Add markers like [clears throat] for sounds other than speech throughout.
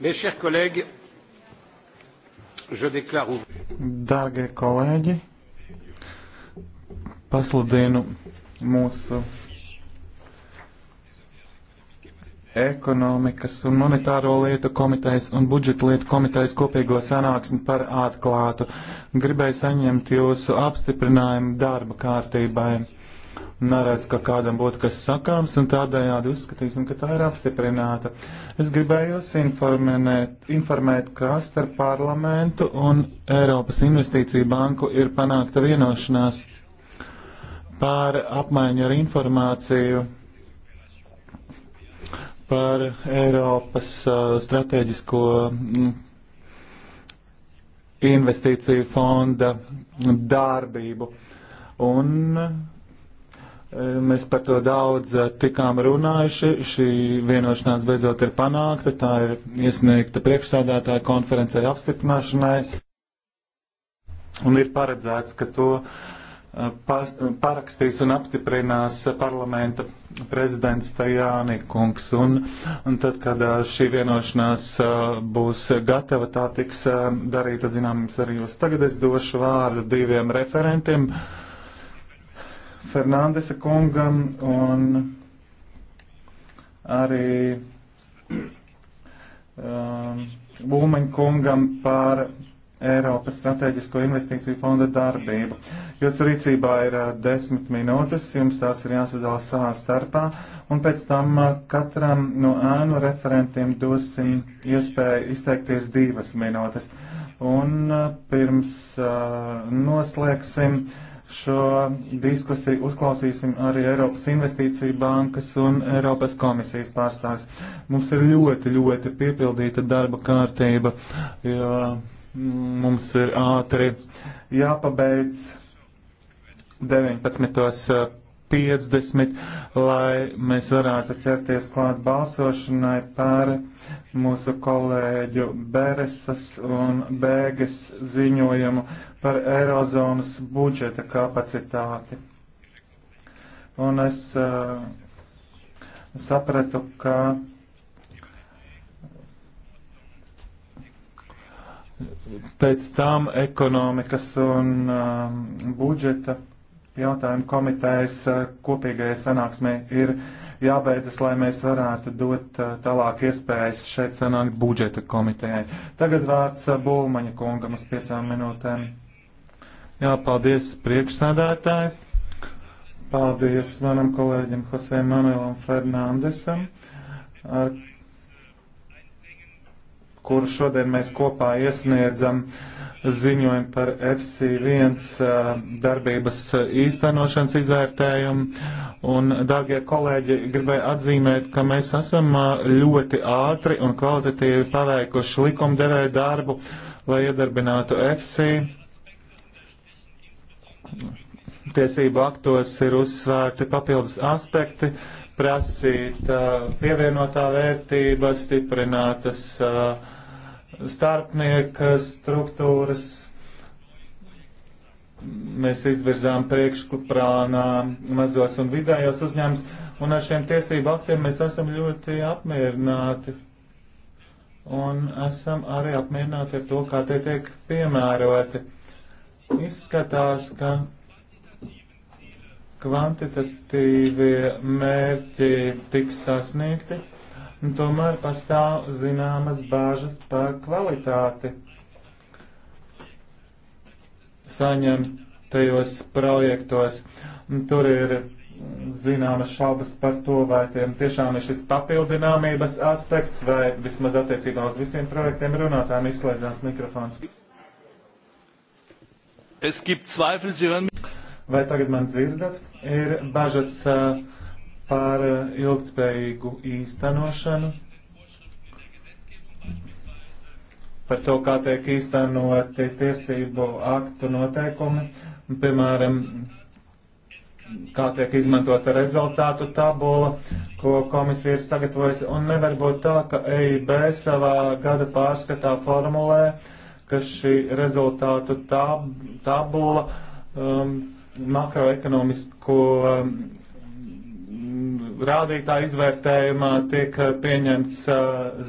Mes chers collègues, je déclare ouvert. Dārgie kolēģi, pasludinu mūsu ekonomikas un monetāro lietu komitejas un budžeta lietu komitejas kopīgo sanāksmi par atklātu. Gribēju saņemt jūsu apstiprinājumu darba kārtībai neredz, ka kādam būtu kas sakāms, un tādējādi uzskatīsim, ka tā ir apstiprināta. Es gribēju jūs informēt, informēt ka starp parlamentu un Eiropas Investīciju banku ir panākta vienošanās par apmaiņu ar informāciju par Eiropas uh, strateģisko mm, investīciju fonda darbību. Un Mēs par to daudz eh, tikām runājuši. Šī vienošanās beidzot ir panākta. Tā ir iesniegta priekšsādātāja konferencei apstiprināšanai. Un ir paredzēts, ka to eh, parakstīs un apstiprinās parlamenta prezidents Tajāni kungs. Un, un tad, kad eh, šī vienošanās būs gatava, tā tiks darīta zināms arī jūs. Tagad es došu vārdu diviem referentiem. Uh, Fernandesa kungam un arī um, Būmeņa kungam par Eiropas Strateģisko investīciju fonda darbību. Jūsu rīcībā ir uh, desmit minūtes, jums tās ir jāsadala savā starpā, un pēc tam uh, katram no ēnu referentiem dosim iespēju izteikties divas minūtes. Un uh, pirms uh, noslēgsim, Šo diskusiju uzklausīsim arī Eiropas Investīcija bankas un Eiropas komisijas pārstāvis. Mums ir ļoti, ļoti piepildīta darba kārtība, jo mm, mums ir ātri jāpabeidz 19. 50, lai mēs varētu ķerties klāt balsošanai par mūsu kolēģu Beresas un Bēgas ziņojumu par Eirozonas budžeta kapacitāti. Un es uh, sapratu, ka pēc tam ekonomikas un uh, budžeta jautājumu komitejas eh, kopīgajai sanāksmē ir jābeidzas, lai mēs varētu dot eh, tālāk iespējas šeit sanākt budžeta komitejai. Tagad vārds eh, Bulmaņa kungam uz piecām minūtēm. Jā, paldies priekšsādātāji. Paldies manam kolēģim Josē Manuelam Fernandesam, ar kuru šodien mēs kopā iesniedzam uh, ziņojumu par FC1 darbības īstenošanas izvērtējumu. Un, dārgie kolēģi, gribēju atzīmēt, ka mēs esam ļoti ātri un kvalitatīvi paveikuši likumdevēju darbu, lai iedarbinātu FC. Tiesību aktos ir uzsvērti papildus aspekti, prasīt pievienotā vērtība, stiprinātas uh, starpnieka struktūras. Mēs izvirzām priekšplānā mazos un vidējos uzņēmumus, un ar šiem tiesību aktiem mēs esam ļoti apmierināti. Un esam arī apmierināti ar to, kā tie tiek piemēroti. Izskatās, ka kvantitatīvie mērķi tiks sasniegti, un tomēr pastāv zināmas bāžas par kvalitāti saņemtajos projektos. Un tur ir zināmas šaubas par to, vai tiem tiešām ir šis papildināmības aspekts, vai vismaz attiecībā uz visiem projektiem runātājiem izslēdzās mikrofons. Es gibt Zweifel, Sie hören. Vai tagad man dzirdat? Ir bažas uh, par eh, ilgspējīgu īstenošanu, par to, kā tiek īstenoti tiesību aktu noteikumi, piemēram, kā tiek izmantota rezultātu tabula, ko komisija ir sagatavojusi, un nevar būt tā, ka EIB savā gada pārskatā formulē, ka šī rezultātu tab tabula um, makroekonomisko um, rādītāja izvērtējumā tiek eh, pieņemts eh,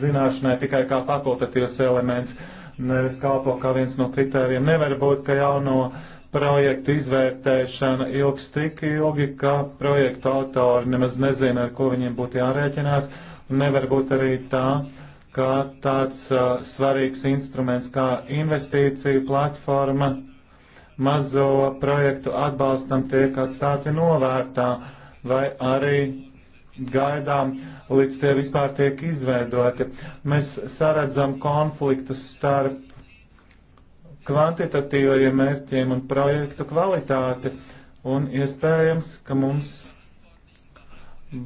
zināšanai tikai kā fakultatīvs elements, nevis kalpo kā viens no kritērijiem. Nevar būt, ka jauno projektu izvērtēšana ilgs tik ilgi, ka projektu autori nemaz nezina, ar ko viņiem būtu jārēķinās. Nevar būt arī tā, ka tāds uh, svarīgs instruments kā investīcija platforma mazo projektu atbalstam tiek atstāti novērtā, vai arī gaidām, līdz tie vispār tiek izveidoti. Mēs saredzam konfliktus starp kvantitatīvajiem mērķiem un projektu kvalitāti, un iespējams, ka mums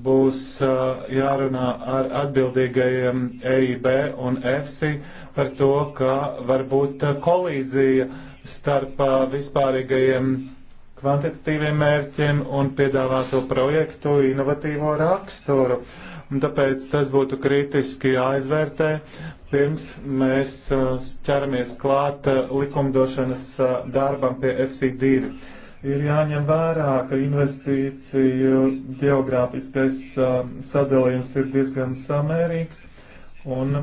būs uh, jārunā ar atbildīgajiem EIB un EFSI par to, ka varbūt uh, kolīzija starp uh, vispārīgajiem mērķiem kvantitatīviem mērķiem un piedāvāto projektu inovatīvo raksturu. Un tāpēc tas būtu kritiski jāizvērtē, pirms mēs uh, ķeramies klāt uh, likumdošanas uh, darbam pie FC2. Ir jāņem vērā, ka investīciju geogrāfiskais sadalījums ir diezgan samērīgs, un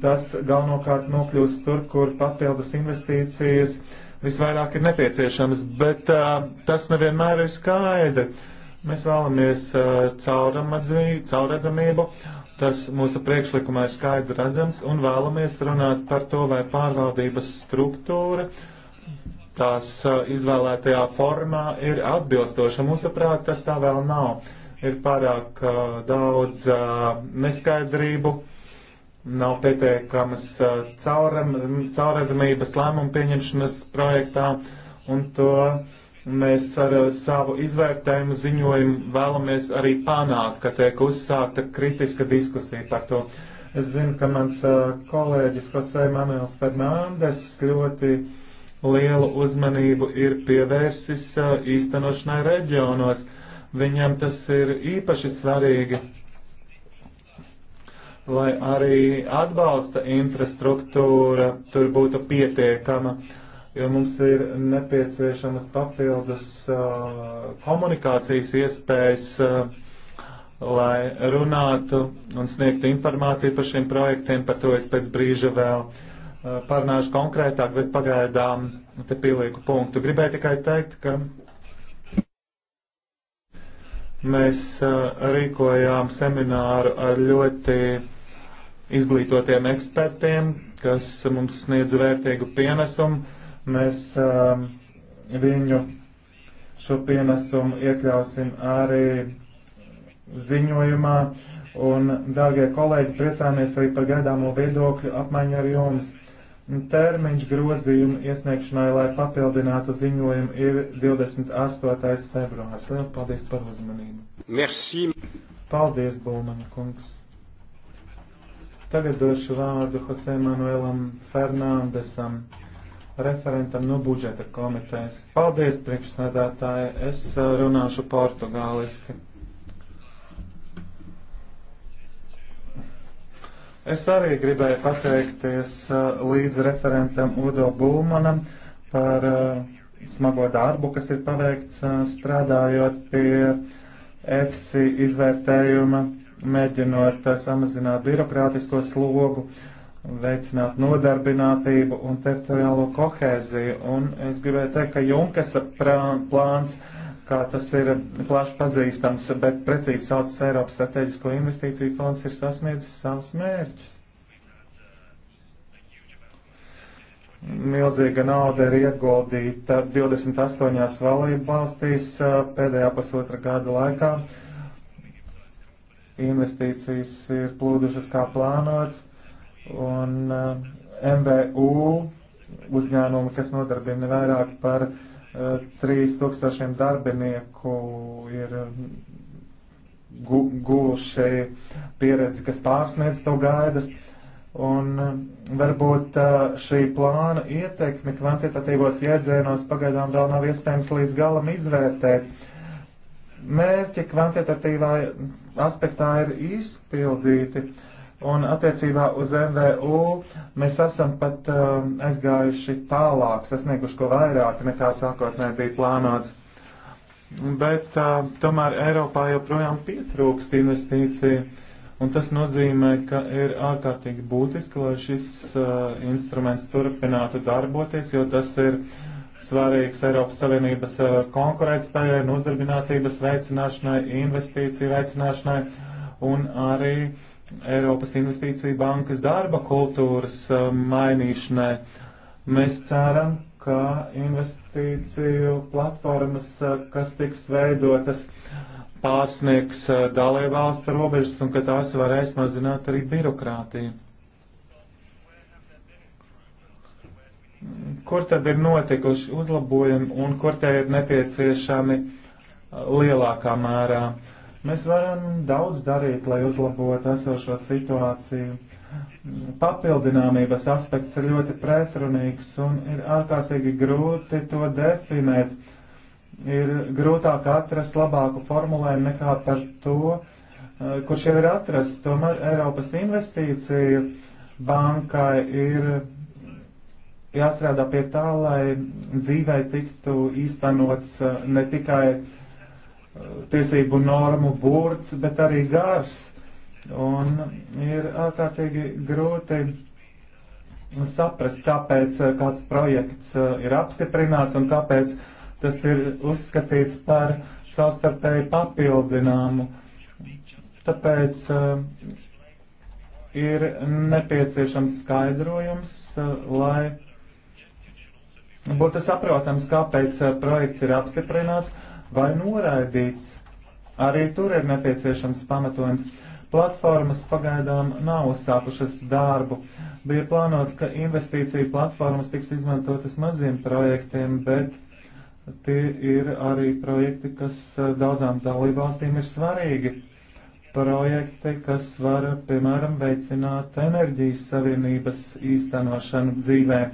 tas galvenokārt nokļūst tur, kur papildus investīcijas uh, visvairāk ir nepieciešamas, bet uh, tas nevienmēr ir skaidri. Mēs vēlamies uh, caurredzamību, tas mūsu priekšlikumā ir skaidri redzams, un vēlamies runāt par to, vai pārvaldības struktūra tās uh, izvēlētajā formā ir atbilstoša. Mūsuprāt, tas tā vēl nav. Ir pārāk uh, daudz uh, neskaidrību nav pietiekamas uh, caurredzamības lēmumu pieņemšanas projektā, un to mēs ar uh, savu izvērtējumu ziņojumu vēlamies arī panākt, ka tiek uzsākta kritiska diskusija par to. Es zinu, ka mans uh, kolēģis Jose Manuels Fernandes ļoti lielu uzmanību ir pievērsis īstenošanai reģionos. Viņam tas ir īpaši svarīgi lai arī atbalsta infrastruktūra tur būtu pietiekama, jo mums ir nepieciešamas papildus uh, komunikācijas iespējas, uh, lai runātu un sniegtu informāciju par šiem projektiem, par to es pēc brīža vēl uh, parunāšu konkrētāk, bet pagaidām te pielieku punktu. Gribēju tikai teikt, ka mēs uh, rīkojām semināru ar ļoti izglītotiem ekspertiem, kas mums sniedz vērtīgu pienesumu. Mēs uh, viņu šo pienesumu iekļausim arī ziņojumā. Un, dārgie kolēģi, priecāmies arī par gaidāmo viedokļu apmaiņu ar jums. Termiņš grozījumu iesniegšanai, lai papildinātu ziņojumu, ir 28. februārs. Lielas paldies par uzmanību. Merci. Paldies, Bulmaņa kungs. Tagad došu vārdu Jose Manuelam Fernandesam, referentam no budžeta komitejas. Paldies, priekšsēdētāji, es uh, runāšu portugāliski. Es arī gribēju pateikties uh, līdz referentam Udo Bulmanam par uh, smago darbu, kas ir paveikts strādājot pie EFSI izvērtējuma mēģinot eh, samazināt birokrātisko slogu, veicināt nodarbinātību un teritoriālo kohēziju. Un es gribēju teikt, ka Junkasa plāns, kā tas ir plaši pazīstams, bet precīzi saucas Eiropas strateģisko investīciju fonds, ir sasniedzis savus mērķus. Milzīga nauda ir ieguldīta 28 valību valstīs eh, pēdējā pusotra gada laikā. Uh, investīcijas ir plūdušas kā plānots, un eh, MVU uzņēmumi, kas nodarbina vairāk par 3000 eh, darbinieku, ir eh, gu, guvuši pieredzi, kas pārsniedz to gaidas. Un varbūt šī plāna ietekmi kvantitatīvos iedzienos pagaidām vēl nav iespējams līdz galam izvērtēt. Mērķi kvantitatīvai aspektā ir izpildīti. Un attiecībā uz MVU mēs esam pat um, aizgājuši tālāk, sasnieguši ko vairāk nekā sākotnēji bija plānots. Bet uh, tomēr Eiropā joprojām pietrūkst investīciju, un tas nozīmē, ka ir ārkārtīgi būtiski, lai šis uh, instruments turpinātu darboties, jo tas ir uh, svarīgs Eiropas Savienības eh, konkurētspējai, nodarbinātības veicināšanai, investīciju veicināšanai un arī Eiropas Investīcija bankas darba kultūras eh, mainīšanai. Mēs ceram, ka investīciju platformas, eh, kas tiks veidotas, pārsniegs dalībvalstu robežas un ka tās varēs mazināt arī birokrātiju. kur tad ir notikuši uzlabojumi un kur tie ir nepieciešami uh, lielākā mērā. Mēs varam daudz darīt, lai uzlabotu esošo situāciju. Papildināmības aspekts ir ļoti pretrunīgs un ir ārkārtīgi grūti to definēt. Ir grūtāk atrast labāku formulējumu nekā par to, uh, kurš jau ir atrasts. Tomēr Eiropas investīcija bankai ir jāstrādā pie tā, lai dzīvē tiktu īstenots uh, ne tikai uh, tiesību normu burts, bet arī gars. Un ir ārkārtīgi grūti saprast, kāpēc uh, kāds projekts ir apstiprināts un kāpēc tas ir uzskatīts par savstarpēji papildināmu. Tāpēc ir nepieciešams skaidrojums, lai Būtu saprotams, kāpēc eh, projekts ir apstiprināts vai noraidīts. Arī tur ir nepieciešams pamatojums. Platformas pagaidām nav uzsākušas darbu. Bija plānots, ka investīcija platformas tiks izmantotas maziem projektiem, bet tie ir arī projekti, kas eh, daudzām dalībvalstīm ir svarīgi. Projekti, kas var, piemēram, veicināt enerģijas savienības īstenošanu dzīvē.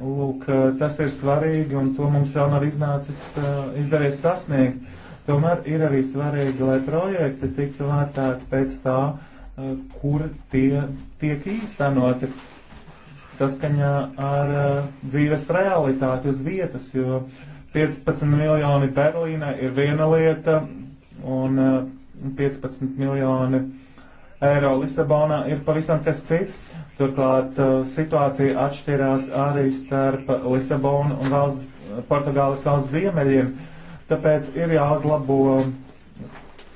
Lūk, tas ir svarīgi, un to mums vēl nav iznācis, izdevies sasniegt. Tomēr ir arī svarīgi, lai projekti tiktu vērtēti pēc tā, kur tie tiek īstenoti saskaņā ar dzīves realitāti uz vietas, jo 15 miljoni Berlīnē ir viena lieta, un 15 miljoni eiro Lisabonā ir pavisam kas cits. Turklāt uh, situācija atšķirās arī starp Lisabonu un valsts, Portugāles valsts ziemeļiem, tāpēc ir jāuzlabo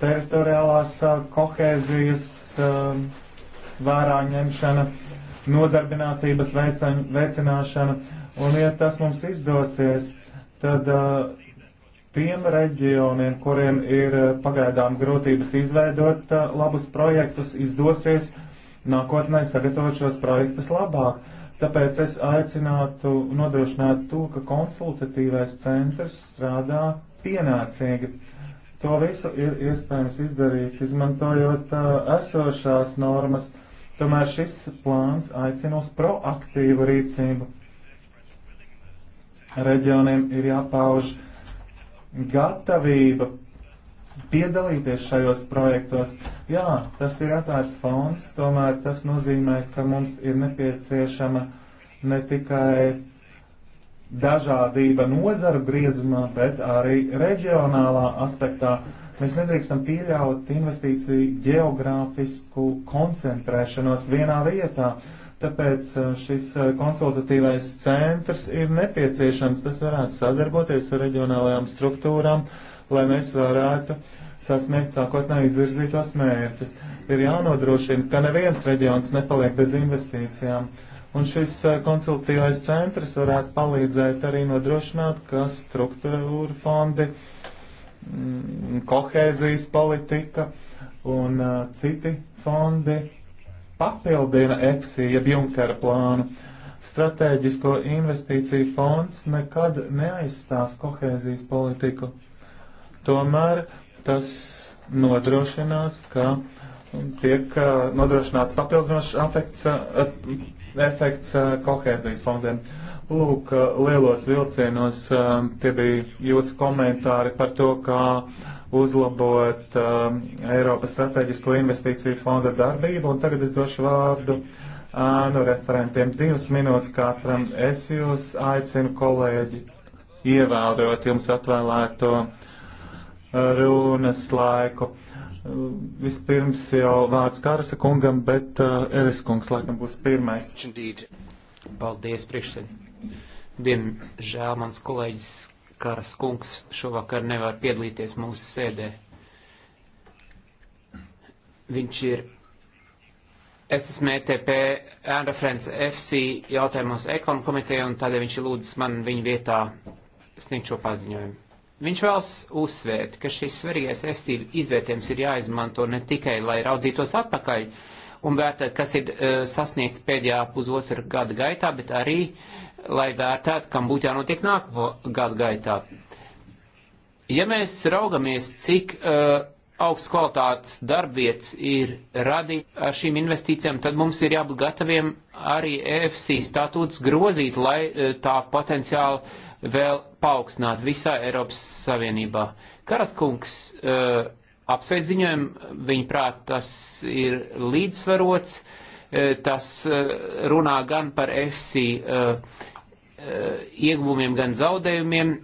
teritoriālās uh, kohēzijas um, vērā ņemšana, nodarbinātības veicināšana, un ja tas mums izdosies, tad uh, tiem reģioniem, kuriem ir pagaidām grūtības izveidot labus projektus, izdosies nākotnē sagatavot šos projektus labāk. Tāpēc es aicinātu nodrošināt to, ka konsultatīvais centrs strādā pienācīgi. To visu ir iespējams izdarīt, izmantojot uh, esošās normas. Tomēr šis plāns aicina uz proaktīvu rīcību. Reģioniem ir jāpauž gatavība piedalīties šajos projektos. Jā, tas ir atvērts fonds, tomēr tas nozīmē, ka mums ir nepieciešama ne tikai dažādība nozaru griezumā, bet arī reģionālā aspektā. Mēs nedrīkstam pieļaut investīciju geogrāfisku koncentrēšanos vienā vietā. Tāpēc uh, šis uh, konsultatīvais centrs ir nepieciešams. Tas varētu sadarboties ar reģionālajām struktūrām lai mēs varētu sasniegt sākotnēji izvirzītos mērķus. Ir jānodrošina, ka neviens reģions nepaliek bez investīcijām. Un šis eh, konsultatīvais centrs varētu palīdzēt arī nodrošināt, ka struktūra fondi, mm, kohēzijas politika un uh, citi fondi papildina EFSI, jeb Junkera plānu. Stratēģisko investīciju fonds nekad neaizstās kohēzijas politiku Tomēr tas nodrošinās, ka tiek uh, nodrošināts papildinošs uh, efekts, efekts uh, kohēzijas fondiem. Lūk, lielos vilcienos tie bija jūsu komentāri par to, kā uzlabot Eiropas strateģisko investīciju fonda darbību, un tagad es došu vārdu ānu referentiem. Divas minūtes katram. Es jūs aicinu, kolēģi, ievērot jums atvēlēto. To runas laiku. Vispirms jau vārds Kārsa kungam, bet uh, Eris kungs laikam būs pirmais. Paldies, priekšsēdē. Diemžēl mans kolēģis Kāras kungs šovakar nevar piedalīties mūsu sēdē. Viņš ir SSMTP ēna referents FC jautājumos ekonomikomitē, un tādēļ viņš ir lūdzis man viņa vietā sniegt šo paziņojumu. Viņš vēlas uzsvērt, ka šis svarīgais FC izvērtējums ir jāizmanto ne tikai, lai raudzītos atpakaļ un vērtētu, kas ir uh, sasniegts pēdējā pusotra gada gaitā, bet arī, lai vērtētu, kam būtu jānotiek nākamo gadu gaitā. Ja mēs raugamies, cik uh, augsts kvalitātes darbvietas ir radīt ar šīm investīcijām, tad mums ir jābūt gataviem arī EFC statūtus grozīt, lai e, tā potenciāli vēl paaugstināt visā Eiropas Savienībā. Karaskungs uh, apsveic ziņojumu, viņa prāt tas ir līdzsvarots, uh, tas uh, runā gan par FC uh, uh, ieguvumiem, gan zaudējumiem.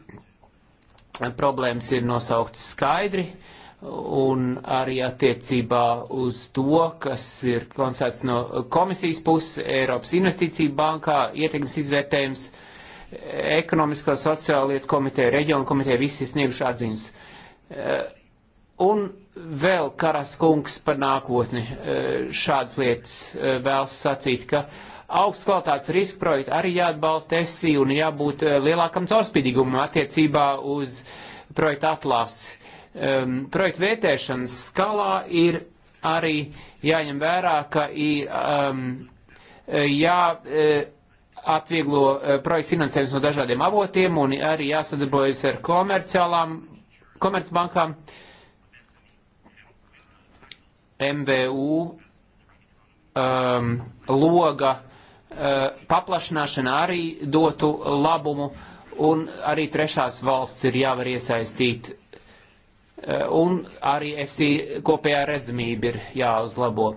Problēmas ir nosauktas skaidri. Uh, un arī attiecībā uz to, kas ir konstatēts no komisijas puses Eiropas investīcija bankā, ietekmes izvērtējums ekonomiskā sociāla lieta komiteja, reģiona komiteja, visi snieguši atziņas. Eh, un vēl Karas kungs par nākotni eh, šādas lietas eh, vēlas sacīt, ka augsts kvalitātes riska projekti arī jāatbalsta FSI un jābūt lielākam caurspīdīgumam attiecībā uz projektu atlasi. Ehm, projektu vērtēšanas skalā ir arī jāņem vērā, ka ir um, jā. Uh, jāatvieglo e, projektu finansējums no dažādiem avotiem un arī jāsadarbojas ar komerciālām, komercbankām, MVU um, loga uh, paplašināšana arī dotu labumu un arī trešās valsts ir jāvar iesaistīt e, un arī FC kopējā redzamība ir jāuzlabo.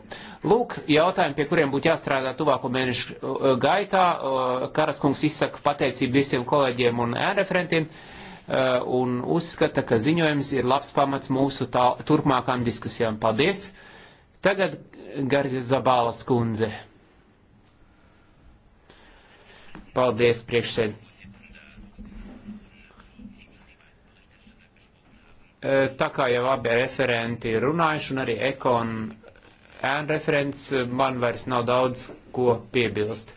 Lūk, jautājumi, pie kuriem būtu jāstrādā tuvāko mēnešu uh, gaitā. Uh, Karaskungs izsaka pateicību visiem kolēģiem un ēreferentiem uh, un uzskata, ka ziņojums ir labs pamats mūsu tā, turpmākām diskusijām. Paldies! Tagad Garģa Zabālas kundze. Paldies, priekšsēd. Tā kā jau abi referenti ir runājuši un arī ekon ēnu referents, man vairs nav daudz ko piebilst.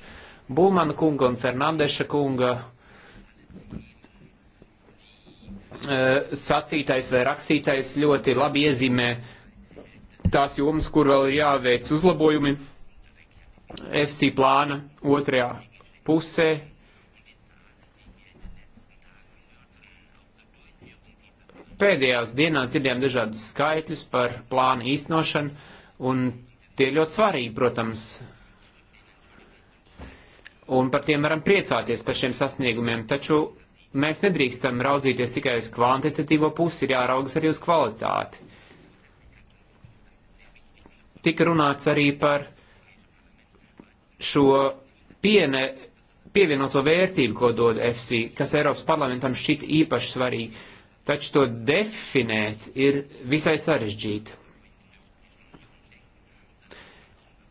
Būmana kunga un Fernandeša kunga e, sacītais vai rakstītais ļoti labi iezīmē tās jomas, kur vēl ir jāveic uzlabojumi FC plāna otrajā pusē. Pēdējās dienās dzirdējām dažādas skaitļus par plānu īstenošanu Un tie ļoti svarīgi, protams. Un par tiem varam priecāties, par šiem sasniegumiem, taču mēs nedrīkstam raudzīties tikai uz kvantitatīvo pusi, ir jāraugas arī uz kvalitāti. Tika runāts arī par šo piene, pievienoto vērtību, ko dod FC, kas Eiropas parlamentam šķiet īpaši svarīgi, taču to definēt ir visai sarežģīti.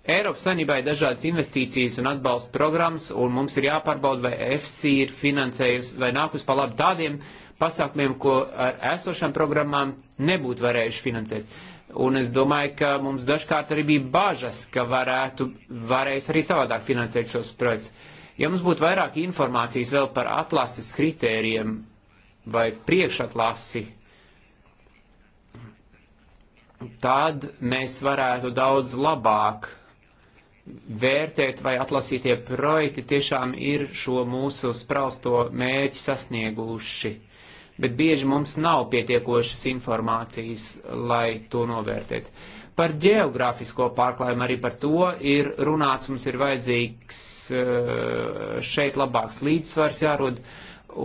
Eiropas Savienībā ir dažādas investīcijas un atbalsta programmas, un mums ir jāpārbauda, vai FC ir finansējusi vai nākus pa labi tādiem pasākumiem, ko ar esošām programmām nebūtu varējuši finansēt. Un es domāju, ka mums dažkārt arī bija bažas, ka varētu, varēs arī savādāk finansēt šos projekts. Ja mums būtu vairāk informācijas vēl par atlases kritērijiem vai priekšatlasi, tad mēs varētu daudz labāk vērtēt, vai atlasītie projekti tiešām ir šo mūsu sprausto mēķi sasnieguši. Bet bieži mums nav pietiekošas informācijas, lai to novērtētu. Par geogrāfisko pārklājumu arī par to ir runāts, mums ir vajadzīgs eh, šeit labāks līdzsvars jārod,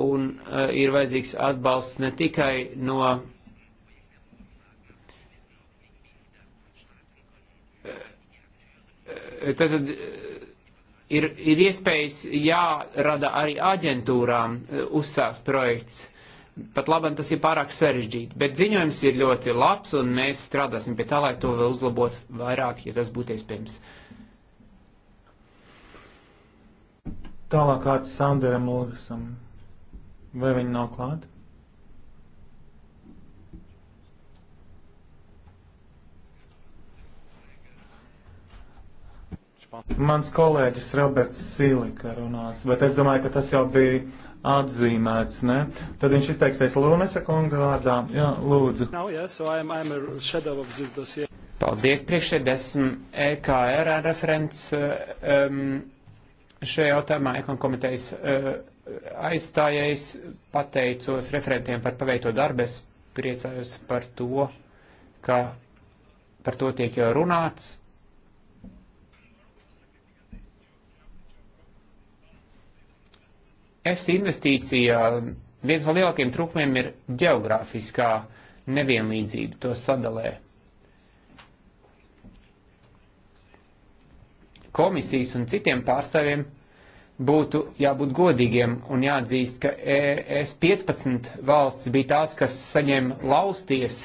un eh, ir vajadzīgs atbalsts ne tikai no Tātad eh, ir, ir iespējas jārada arī aģentūrām eh, uzsākt projekts. Pat labam tas ir pārāk sarežģīti, bet ziņojums ir ļoti labs un mēs strādāsim pie tā, lai to vēl uzlabot vairāk, ja tas būtu iespējams. Tālāk kāds Sanderam Lūgasam. Vai viņi nav klāti? Mans kolēģis Roberts Silika runās, bet es domāju, ka tas jau bija atzīmēts, ne? Tad viņš izteiksies Lūnesa kunga vārdā. Jā, lūdzu. Now, yeah, so I'm, I'm Paldies, priekšēd esmu EKR referents um, šajā jautājumā, ekon komitejas uh, aizstājējs, pateicos referentiem par paveikto darbu, es priecājos par to, ka par to tiek jau runāts, EFSI investīcijā viens no lielākajiem trūkumiem ir geogrāfiskā nevienlīdzība to sadalē. Komisijas un citiem pārstāvjiem būtu jābūt godīgiem un jāatzīst, ka ES 15 valsts bija tās, kas saņēma lausties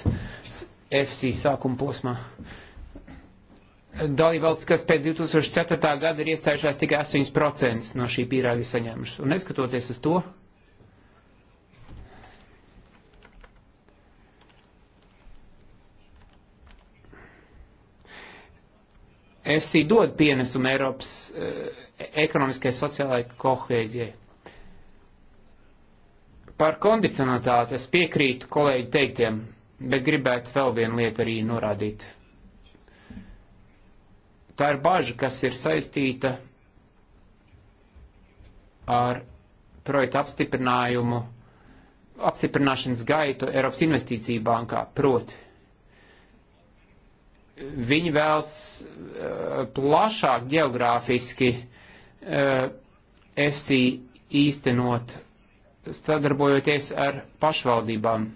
FC sākuma posmā. Uh, dalībvalsts, kas pēc 2004. gada ir iestājušās tikai 8% no šī pīrāga saņēmušas. Un neskatoties uz to, FC dod pienesumu Eiropas uh, eh, ekonomiskajai sociālajai kohēzijai. Par kondicionatāti es piekrītu kolēģi teiktiem, bet gribētu vēl vienu lietu arī norādīt. Tā ir baža, kas ir saistīta ar projektu apstiprinājumu, apstiprināšanas gaitu Eiropas investīcija bankā. Proti, viņi vēlas uh, plašāk geogrāfiski uh, eh, FC īstenot, sadarbojoties ar pašvaldībām.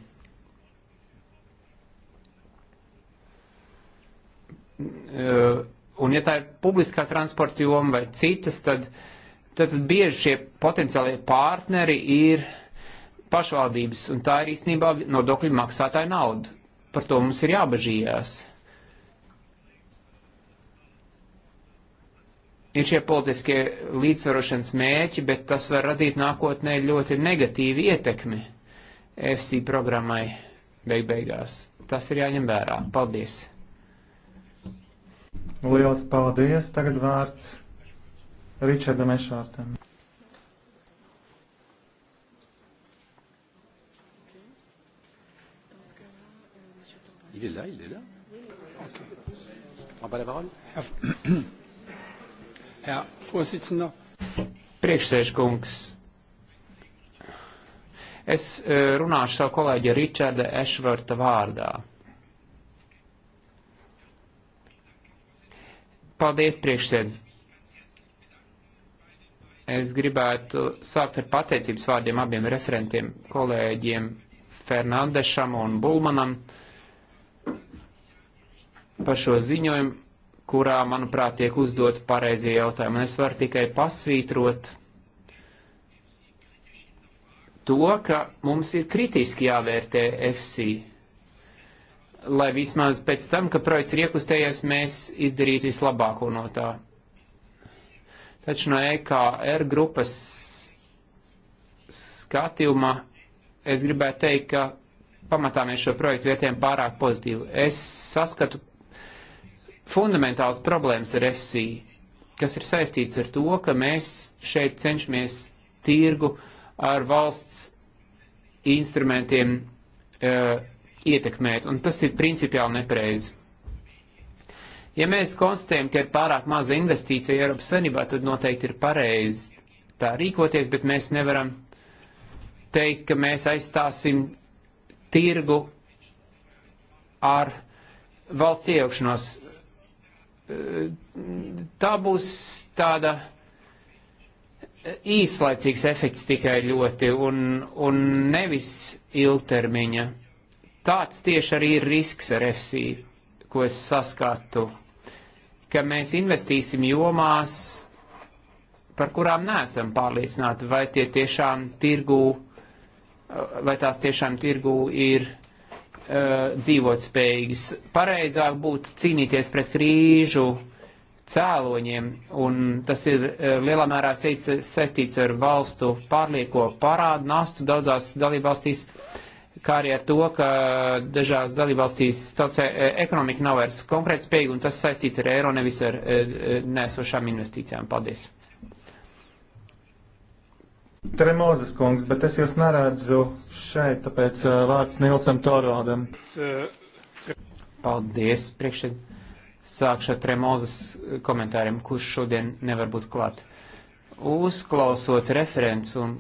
Uh, Un ja tā ir publiskā transporta joma vai citas, tad, tad bieži šie potenciālie partneri ir pašvaldības, un tā ir īstenībā nodokļu maksātāja nauda. Par to mums ir jābažījās. ir šie politiskie līdzsvarošanas mēķi, bet tas var radīt nākotnē ļoti negatīvu ietekmi FC programmai beig beigās. Tas ir jāņem vērā. Paldies! Lielas paldies. Tagad vārds Ričardam Ešvārtam. Il est là, il est là. Okay. On va la parole. Herr [clears throat] Vorsitzender. Priekšsēžkungs. Es eh, runāšu savu kolēģi Ričarda Ešvarta vārdā. Paldies, priekšsēd. Es gribētu sākt ar pateicības vārdiem abiem referentiem, kolēģiem Fernandešam un Bulmanam par šo ziņojumu, kurā, manuprāt, tiek uzdot pareizie jautājumi. Es varu tikai pasvītrot to, ka mums ir kritiski jāvērtē FC lai vismaz pēc tam, kad projekts ir iekustējies, mēs izdarītu vislabāko no tā. Taču no EKR grupas skatījuma es gribētu teikt, ka pamatā mēs šo projektu vietējam pārāk pozitīvi. Es saskatu fundamentāls problēmas ar FC, kas ir saistīts ar to, ka mēs šeit cenšamies tirgu ar valsts instrumentiem uh, ietekmēt, un tas ir principiāli nepareizi. Ja mēs konstatējam, ka ir pārāk maza investīcija Eiropas Savienībā, tad noteikti ir pareizi tā rīkoties, bet mēs nevaram teikt, ka mēs aizstāsim tirgu ar valsts iejaukšanos. Tā būs tāda īslaicīgs efekts tikai ļoti un, un nevis ilgtermiņa Tāds tieši arī ir risks ar FC, ko es saskatu, ka mēs investīsim jomās, par kurām neesam pārliecināti, vai tie tiešām tirgū, vai tās tiešām tirgū ir uh, dzīvotspējīgas. Pareizāk būtu cīnīties pret krīžu cēloņiem, un tas ir uh, lielā mērā saistīts ar valstu pārlieko parādu nastu daudzās dalībvalstīs. Uh, kā arī ar to, ka dažās dalībvalstīs tautsē e, ekonomika nav vairs konkrēti spējīga, un tas saistīts ar eiro, nevis ar e, e, nesošām investīcijām. Paldies! Tremozes kungs, bet es jūs neredzu šeit, tāpēc vārds Nilsam Torodam. Paldies, priekšēd. Sākšu ar Tremozes komentāriem, kurš šodien nevar būt klāt. Uzklausot referents un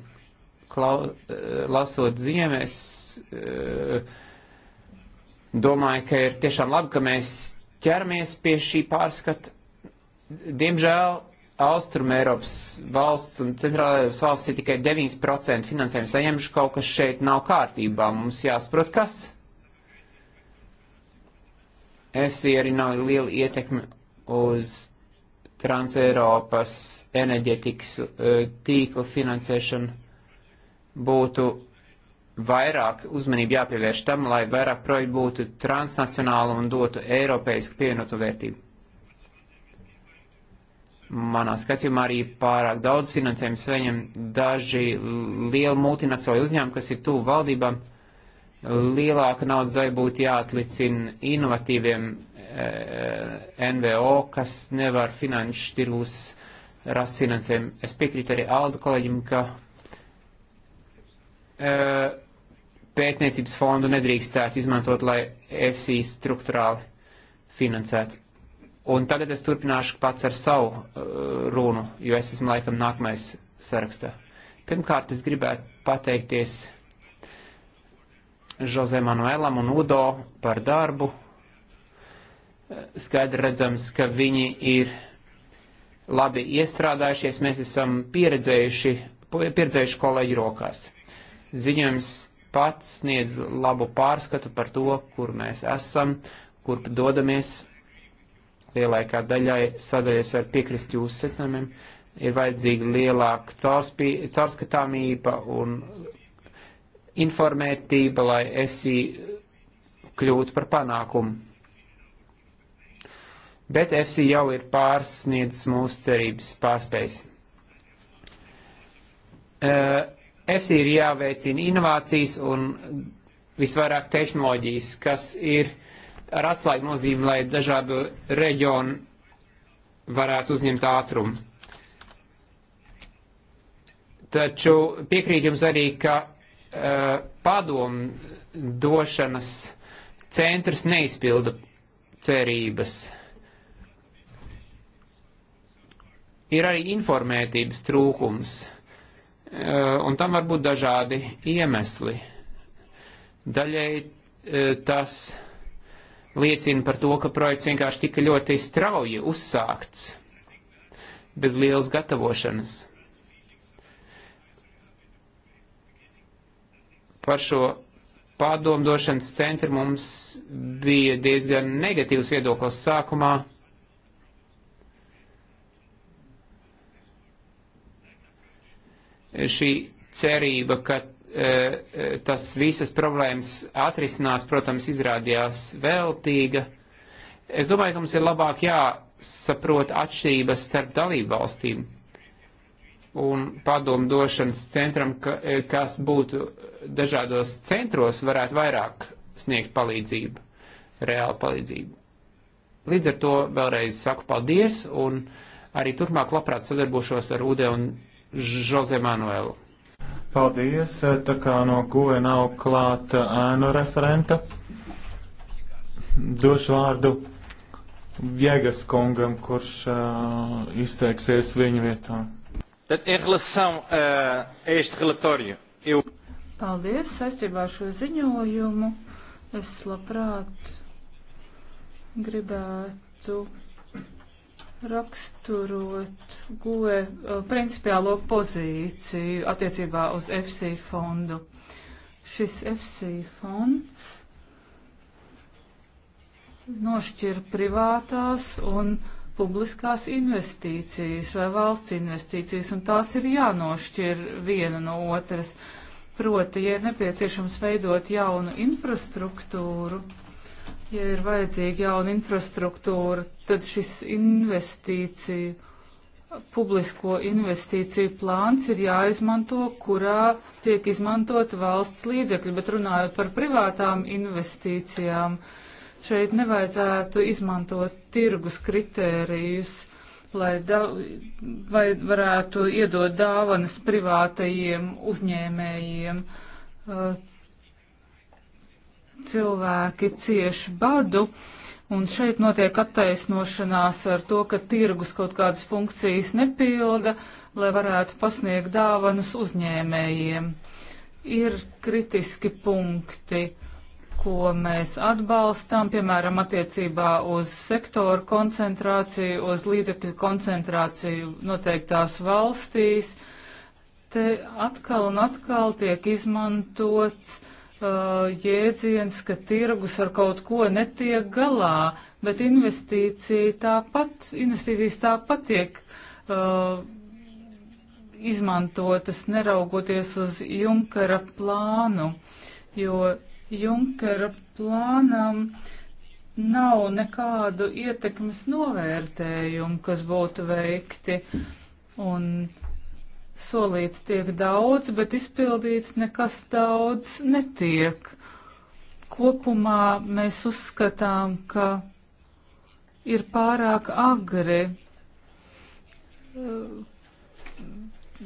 klau, eh, lasot ziemēs, eh, domāju, ka ir tiešām labi, ka mēs ķeramies pie šī pārskata. Diemžēl Austrum Eiropas valsts un Centrāla Eiropas valsts ir tikai 9% finansējumu saņemšu, kaut kas šeit nav kārtībā. Mums jāsaprot, kas. FC arī nav liela ietekme uz Transeiropas enerģetikas eh, tīkla finansēšanu būtu vairāk uzmanību jāpievērš tam, lai vairāk projektu būtu transnacionāli un dotu eiropeisku pievienoto vērtību. Manā skatījumā arī pārāk daudz finansējumu saņem daži lieli multinacionāli uzņēmumi, kas ir tuvu valdībām. Lielāka naudas daļa būtu jāatlicina inovatīviem e, e NVO, kas nevar finanšu tirgus rast finansējumu. Es piekrītu arī Aldu kolēģim, ka pētniecības fondu nedrīkstētu izmantot, lai FCI struktūrāli finansētu. Un tagad es turpināšu pats ar savu uh, runu, jo es esmu laikam nākamais sarakstā. Pirmkārt, es gribētu pateikties Jose Manuelam un Udo par darbu. Skaidri redzams, ka viņi ir labi iestrādājušies, mēs esam pieredzējuši, pieredzējuši kolēģi rokās. Ziņojums pats sniedz labu pārskatu par to, kur mēs esam, kur dodamies. Lielākā daļai sadaļas var piekrist jūsu secinājumiem. Ir vajadzīga lielāka caurskatāmība un informētība, lai esi kļūtu par panākumu. Bet FC jau ir pārsniedzis mūsu cerības pārspējas. Uh, EFSI ir jāveicina inovācijas un visvairāk tehnoloģijas, kas ir ar atslēgu nozīmi, lai dažādu reģionu varētu uzņemt ātrumu. Taču piekrīt jums arī, ka uh, padomu došanas centrs neizpilda cerības. Ir arī informētības trūkums. Uh, Eh, un tam var būt dažādi iemesli. Daļai eh, tas liecina par to, ka projekts vienkārši tika ļoti strauji uzsākts, bez lielas gatavošanas. Par šo pārdomdošanas centru mums bija diezgan negatīvs viedoklis sākumā šī cerība, ka e, e, tas visas problēmas atrisinās, protams, izrādījās veltīga. Es domāju, ka mums ir labāk jāsaprot atšķirības starp dalību valstīm un padomu došanas centram, ka, e, kas būtu dažādos centros, varētu vairāk sniegt palīdzību, reālu palīdzību. Līdz ar to vēlreiz saku paldies un arī turpmāk labprāt sadarbošos ar Ude un Jose Manuelu. Paldies, eh, tā kā no goja nav klāta eh, ēnu referenta. Došu vārdu Jēgas kungam, kurš uh, izteiksies viņa vietā. Tad, em relação a este relatório, eu. Paldies, saistībā ar šo ziņojumu. Es labprāt gribētu raksturot goe eh, principiālo pozīciju attiecībā uz FC fondu. Šis FC fonds nošķir privātās un publiskās investīcijas vai valsts investīcijas, un tās ir jānošķir viena no otras. Proti, ja ir nepieciešams veidot jaunu infrastruktūru, ja ir vajadzīga jauna infrastruktūra, tad šis investīciju, publisko investīciju plāns ir jāizmanto, kurā tiek izmantot valsts līdzekļi, bet runājot par privātām investīcijām, šeit nevajadzētu izmantot tirgus kritērijus, lai, da, lai varētu iedot dāvanas privātajiem uzņēmējiem. Uh, cilvēki cieši badu, uh, Un šeit notiek attaisnošanās ar to, ka tirgus kaut kādas funkcijas nepilda, lai varētu pasniegt dāvanas uzņēmējiem. Ir kritiski punkti, ko mēs atbalstām, piemēram, attiecībā uz sektoru koncentrāciju, uz līdzekļu koncentrāciju noteiktās valstīs. Te atkal un atkal tiek izmantots Uh, jēdziens, ka tirgus ar kaut ko netiek galā, bet investīcija tāpat, investīcijas tāpat tiek uh, izmantotas neraugoties uz Junkara plānu, jo Junkara plānam nav nekādu ietekmes novērtējumu, kas būtu veikti. Un, uh, solīts tiek daudz, bet izpildīts nekas daudz netiek. Kopumā mēs uzskatām, ka ir pārāk agri uh,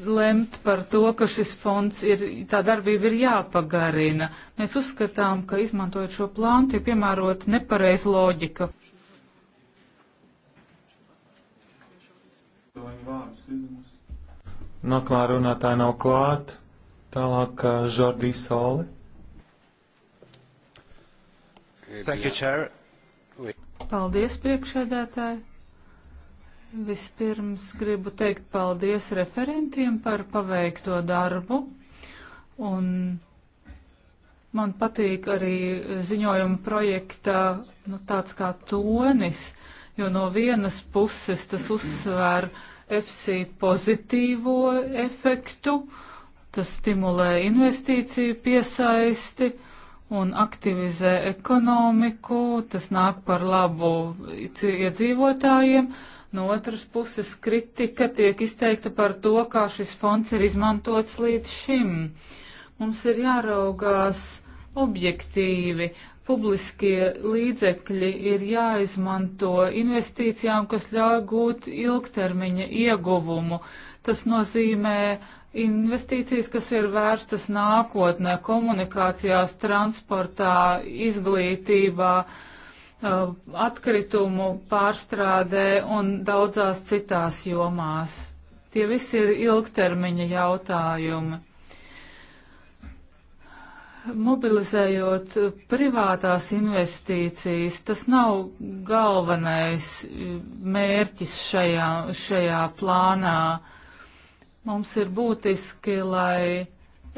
lemt par to, ka šis fonds ir, tā darbība ir jāpagarina. Mēs uzskatām, ka izmantojot šo plānu tiek piemērot nepareiz loģika. Vārdus, Nākamā runātāja nav klāt. Tālāk Žordī uh, Soli. Thank you, Chair. Paldies, priekšēdētāji. Vispirms gribu teikt paldies referentiem par paveikto darbu. Un man patīk arī ziņojuma projekta nu, tāds kā tonis, jo no vienas puses tas uzsver. Mm FC pozitīvo efektu, tas stimulē investīciju piesaisti un aktivizē ekonomiku, tas nāk par labu iedzīvotājiem. No otras puses, kritika tiek izteikta par to, kā šis fonds ir izmantots līdz šim. Mums ir jāraugās objektīvi, publiskie līdzekļi ir jāizmanto investīcijām, kas ļauj gūt ilgtermiņa ieguvumu. Tas nozīmē investīcijas, kas ir vērstas nākotnē, komunikācijās, transportā, izglītībā, uh, atkritumu pārstrādē un daudzās citās jomās. Tie visi ir ilgtermiņa jautājumi. Mobilizējot privātās investīcijas, tas nav galvenais mērķis šajā, šajā plānā. Mums ir būtiski, lai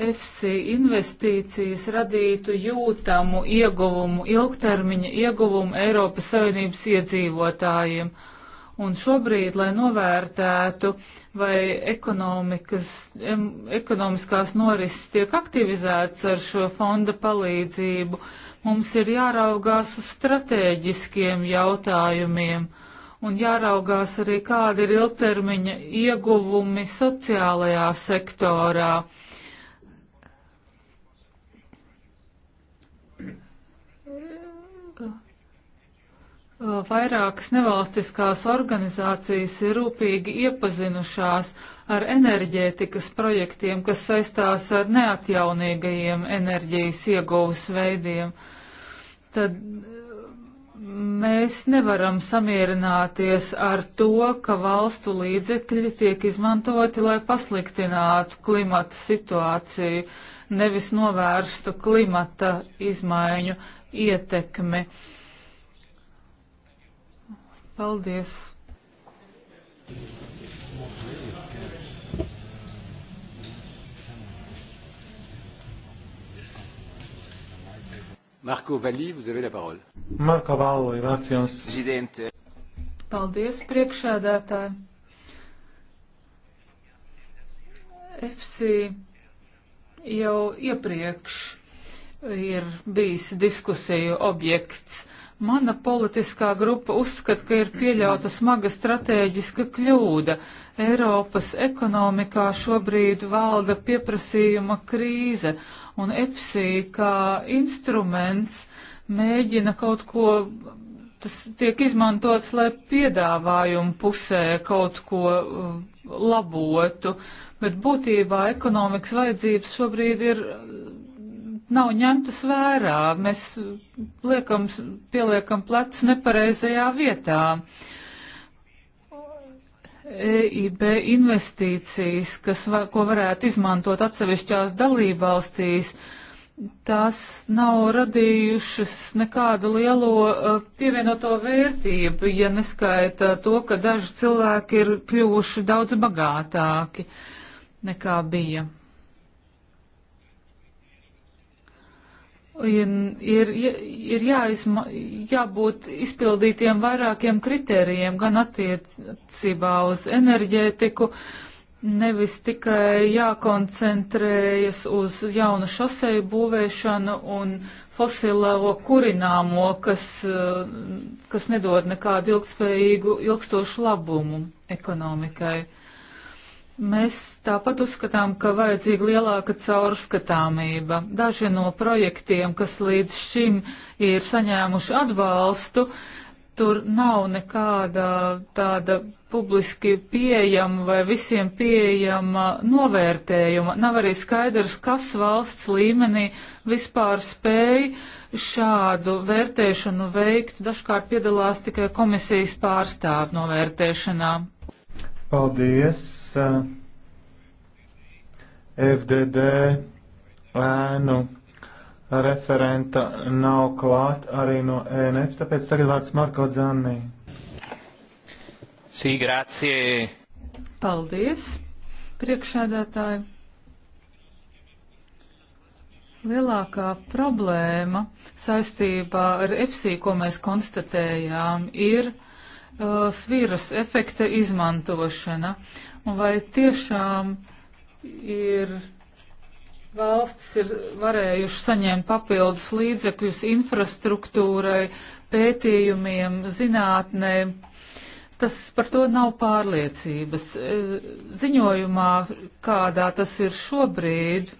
EFSI investīcijas radītu jūtamu ieguvumu, ilgtermiņa ieguvumu Eiropas Savienības iedzīvotājiem Un šobrīd, lai novērtētu, vai ekonomiskās norises tiek aktivizētas ar šo fonda palīdzību, mums ir jāraugās uz stratēģiskiem jautājumiem un jāraugās arī, kāda ir ilgtermiņa ieguvumi sociālajā sektorā. Vairākas nevalstiskās organizācijas ir rūpīgi iepazinušās ar enerģētikas projektiem, kas saistās ar neatjaunīgajiem enerģijas ieguvas veidiem. Tad mm, mēs nevaram samierināties ar to, ka valstu līdzekļi tiek izmantoti, lai pasliktinātu klimata situāciju, nevis novērstu klimata izmaiņu ietekmi. Uh, Paldies! Marko Valli, vous avez la parole. Marko Valli, vārds jums. Paldies, priekšēdētāji. FC jau iepriekš ir bijis diskusiju objekts Mana politiskā grupa uzskata, ka ir pieļauta smaga stratēģiska kļūda. Eiropas ekonomikā šobrīd valda pieprasījuma krīze, un EFSI kā instruments mēģina kaut ko, tas tiek izmantots, lai piedāvājumu pusē kaut ko uh, labotu, bet būtībā ekonomikas vajadzības šobrīd ir nav ņemtas vērā. Mēs liekam, pieliekam plecus nepareizajā vietā. EIB investīcijas, kas, var, ko varētu izmantot atsevišķās dalībvalstīs, tās nav radījušas nekādu lielo e, pievienoto vērtību, ja neskaita to, ka daži cilvēki ir kļuvuši daudz bagātāki nekā bija. ir, ir, ir jāizma, jābūt izpildītiem vairākiem kritērijiem, gan attiecībā uz enerģētiku, nevis tikai jākoncentrējas uz jaunu šoseju būvēšanu un fosilo kurināmo, kas, kas nedod nekādu ilgspējīgu, ilgstošu labumu ekonomikai. Mēs tāpat uzskatām, ka vajadzīga lielāka caurskatāmība. Daži no projektiem, kas līdz šim ir saņēmuši atbalstu, tur nav nekāda tāda publiski pieejama vai visiem pieejama novērtējuma. Nav arī skaidrs, kas valsts līmenī vispār spēj šādu vērtēšanu veikt. Dažkārt piedalās tikai komisijas pārstāvu novērtēšanā. Paldies! FDD ēnu referenta nav klāt arī no ENF, tāpēc tagad vārds Marko Dzannī. Sī, grācie! Paldies, priekšēdētāji! Lielākā problēma saistībā ar FC, ko mēs konstatējām, ir uh, svīras efekta izmantošana. Un vai tiešām ir valstis ir varējuši saņemt papildus līdzekļus infrastruktūrai, pētījumiem, zinātnē. Tas par to nav pārliecības. Uh, ziņojumā, kādā tas ir šobrīd,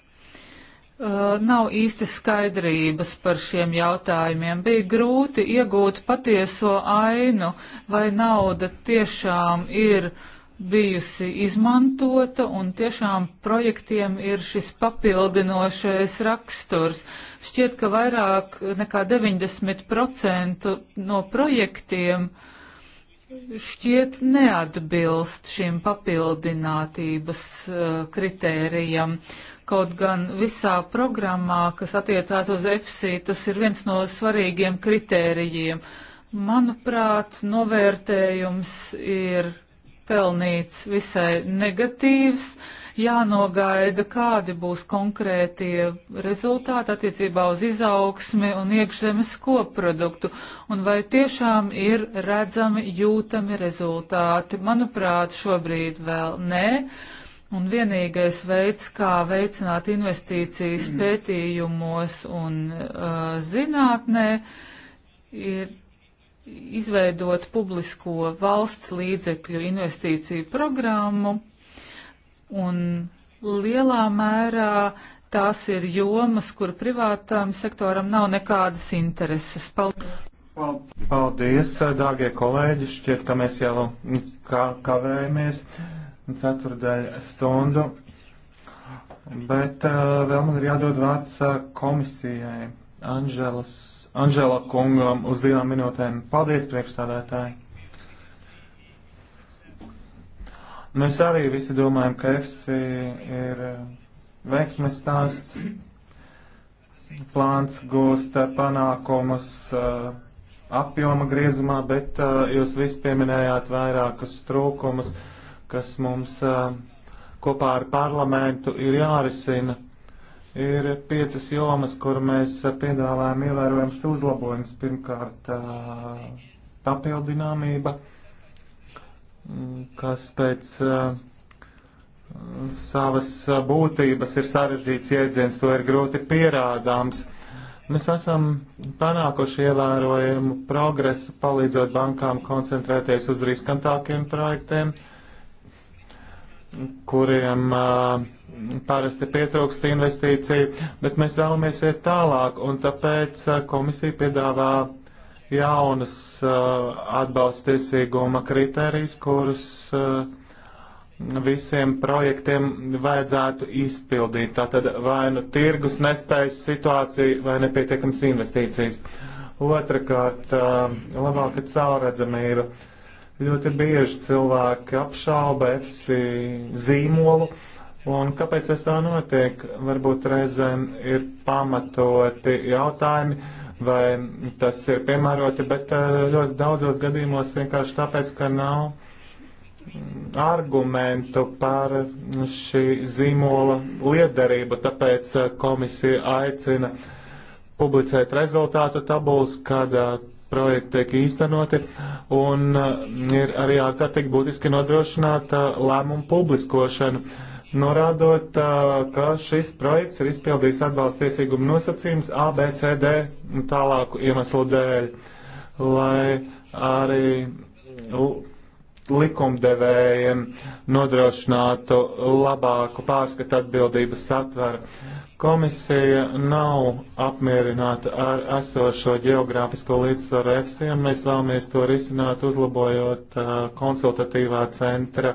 Uh, nav īsti skaidrības par šiem jautājumiem. Bija grūti iegūt patieso ainu, vai nauda tiešām ir bijusi izmantota un tiešām projektiem ir šis papildinošais raksturs. Šķiet, ka vairāk nekā 90% no projektiem šķiet neatbilst šim papildinātības uh, kritērijam. Uh, Kaut gan visā programmā, kas attiecās uz EFSI, tas ir viens no svarīgiem kritērijiem. Manuprāt, novērtējums ir pelnīts visai negatīvs. Jānogaida, kādi būs konkrētie rezultāti attiecībā uz izaugsmi un iekšzemes koproduktu, un vai tiešām ir redzami, jūtami rezultāti. Manuprāt, šobrīd vēl nē. Un vienīgais veids, kā veicināt investīcijas mm. pētījumos un uh, zinātnē, ir izveidot publisko valsts līdzekļu investīciju programmu. Un lielā mērā tās ir jomas, kur privātām sektoram nav nekādas intereses. Paldies! Paldies, dārgie kolēģi! Šķiet, ka mēs jau kā kavējamies. Kā ceturdaļ stundu, bet uh, vēl man ir jādod vārds uh, komisijai Anželas, Anžela kungam uz divām minūtēm. Paldies, priekšstādētāji! Mēs arī visi domājam, ka EFSI ir uh, veiksmes stāsts, plāns gūst uh, panākumus apjoma griezumā, bet jūs visi pieminējāt vairākus trūkumus. Uh, kas mums kopā ar parlamentu ir jārisina. Ir piecas jomas, kur mēs piedāvājam ievērojams uzlabojums. Pirmkārt, papildināmība, kas pēc savas būtības ir sarežģīts jēdziens, to ir grūti pierādāms. Mēs esam panākuši ievērojumu progresu, palīdzot bankām koncentrēties uz riskantākiem projektiem. Uh, kuriem uh, parasti pietrūkst investīciju, bet mēs vēlamies iet tālāk, un tāpēc uh, komisija piedāvā jaunas uh, atbalstiesīguma kriterijas, kurus visiem projektiem vajadzētu izpildīt. Tātad vai nu tirgus nespējas situācija vai nepietiekams investīcijas. Otrakārt, labāka caurredzamība. Uh, Ļoti bieži cilvēki apšauba EFSI zīmolu. Un kāpēc tas tā notiek? Varbūt reizēm ir pamatoti jautājumi, vai tas ir piemēroti, bet eh, ļoti daudzos gadījumos vienkārši tāpēc, ka nav argumentu par šī zīmola liederību, tāpēc eh, komisija aicina publicēt rezultātu tabulas, kad eh, projekti tiek īstenoti, un uh, ir arī ārkārtīgi būtiski nodrošināt uh, lēmumu publiskošanu, norādot, uh, ka šis projekts ir izpildījis atbalsta tiesīgumu nosacījums ABCD un tālāku iemeslu dēļ, lai arī likumdevējiem nodrošinātu labāku pārskatu atbildības satvaru Komisija nav apmierināta ar esošo geogrāfisko līdzsvaru EFSI, un mēs vēlamies to risināt, uzlabojot uh, konsultatīvā centra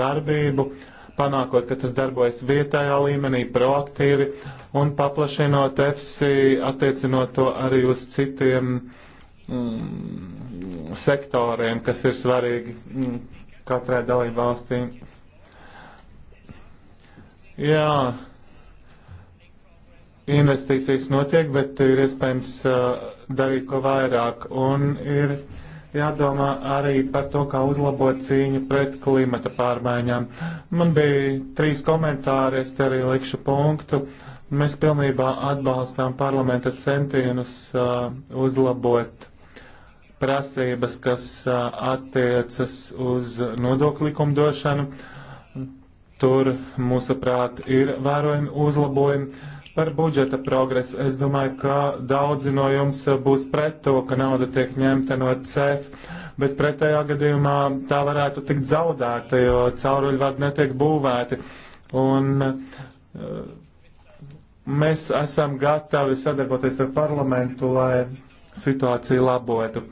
darbību, panākot, ka tas darbojas vietējā līmenī proaktīvi un paplašinot EFSI, attiecinot to arī uz citiem mm, sektoriem, kas ir svarīgi mm, katrai dalību valstī. Jā investīcijas notiek, bet ir iespējams uh, darīt ko vairāk. Un ir jādomā arī par to, kā uzlabot cīņu pret klimata pārmaiņām. Man bija trīs komentāri, es te arī likšu punktu. Mēs pilnībā atbalstām parlamenta centienus uh, uzlabot prasības, kas uh, attiecas uz nodokļu likumdošanu. Tur, mūsuprāt, ir vērojami uzlabojumi Par budžeta progresu es domāju, ka daudzi no jums būs pret to, ka nauda tiek ņemta no CEF, bet pretējā gadījumā tā varētu tikt zaudēta, jo cauruļvadi netiek būvēti. Un uh, mēs esam gatavi sadarboties ar parlamentu, lai situāciju labotu.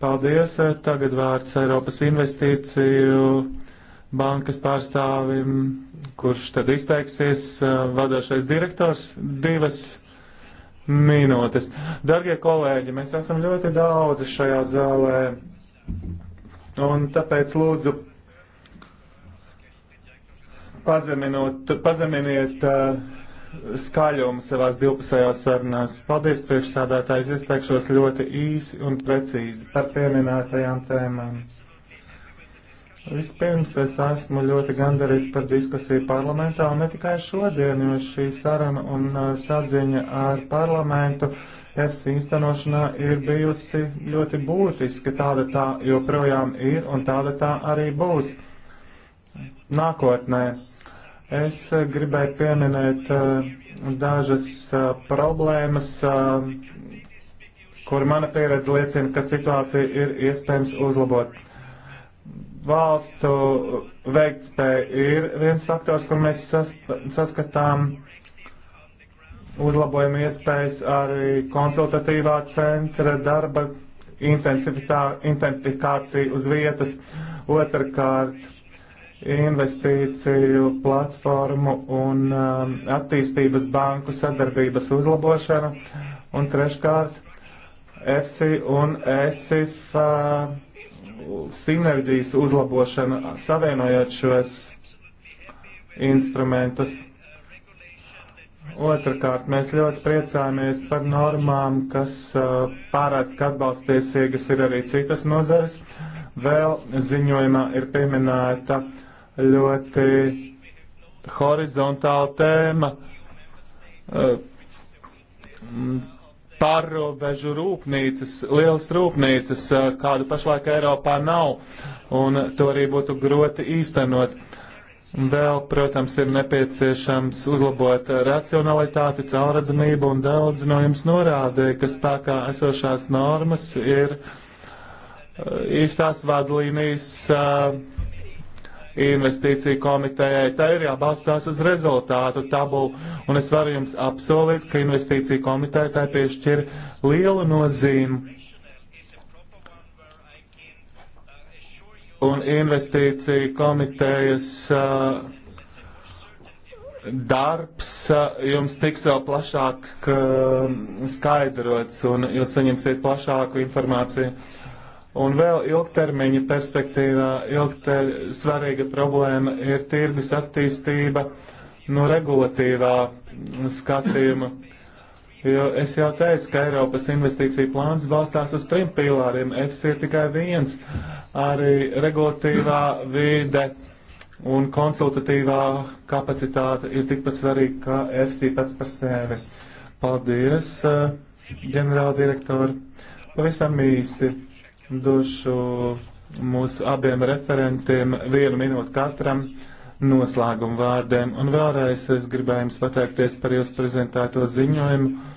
Paldies. Tagad vārds Eiropas investīciju bankas pārstāvim kurš tad izteiksies vadošais direktors divas minūtes. Dargie kolēģi, mēs esam ļoti daudzi šajā zālē, un tāpēc lūdzu pazeminot, pazeminiet uh, skaļumu savās divpusējās sarunās. Paldies, priekšsādātājs, izteikšos ļoti īsi un precīzi par pieminētajām tēmām. Vispirms es esmu ļoti gandarīts par diskusiju parlamentā, un ne tikai šodien, jo šī saruna un uh, saziņa ar parlamentu EFSI īstenošanā ir bijusi ļoti būtiska. Tāda tā joprojām ir, un tāda tā arī būs nākotnē. Es uh, gribēju pieminēt uh, dažas problēmas, kur mana pieredze liecina, ka situācija ir iespējams uzlabot valstu veiktspēja ir viens faktors, kur mēs sas, saskatām uzlabojumu iespējas arī konsultatīvā centra darba intensifikācija uz vietas. Otrakārt, investīciju platformu un um, attīstības banku sadarbības uzlabošana. Un treškārt, EFSI un ESIF uh, sinerģijas uzlabošana, savienojot šos instrumentus. Otrakārt, mēs ļoti priecājamies par normām, kas uh, pārēc, ka atbalstiesīgas ir arī citas nozares. Vēl ziņojumā ir pieminēta ļoti horizontāla tēma. Uh, pārrobežu rūpnīcas, lielas rūpnīcas, eh, kādu pašlaik Eiropā nav, un to arī būtu groti īstenot. Vēl, protams, ir nepieciešams uzlabot racionalitāti, caurredzamību, un daudz no jums norādīja, ka spēkā esošās normas ir eh, īstās vadlīnijas. Uh, investīciju komitejai. Tā ir jābalstās uz rezultātu tabu, un es varu jums apsolīt, ka investīciju komiteja tai piešķir lielu nozīmi. Un investīciju komitejas uh, darbs uh, jums tiks vēl plašāk uh, skaidrots un jūs saņemsiet plašāku informāciju. Un vēl ilgtermiņa perspektīvā ilgter, svarīga problēma ir tirgus attīstība no regulatīvā skatījuma. Jo es jau teicu, ka Eiropas investīcija plāns balstās uz trim pīlāriem. FC ir tikai viens. Arī regulatīvā vīde un konsultatīvā kapacitāte ir tikpat svarīga kā FC pats par sevi. Paldies, ģenerāldirektori. Pavisam īsi došu mūsu abiem referentiem vienu minūtu katram noslēguma vārdiem. Un vēlreiz es gribēju jums pateikties par jūsu prezentēto ziņojumu.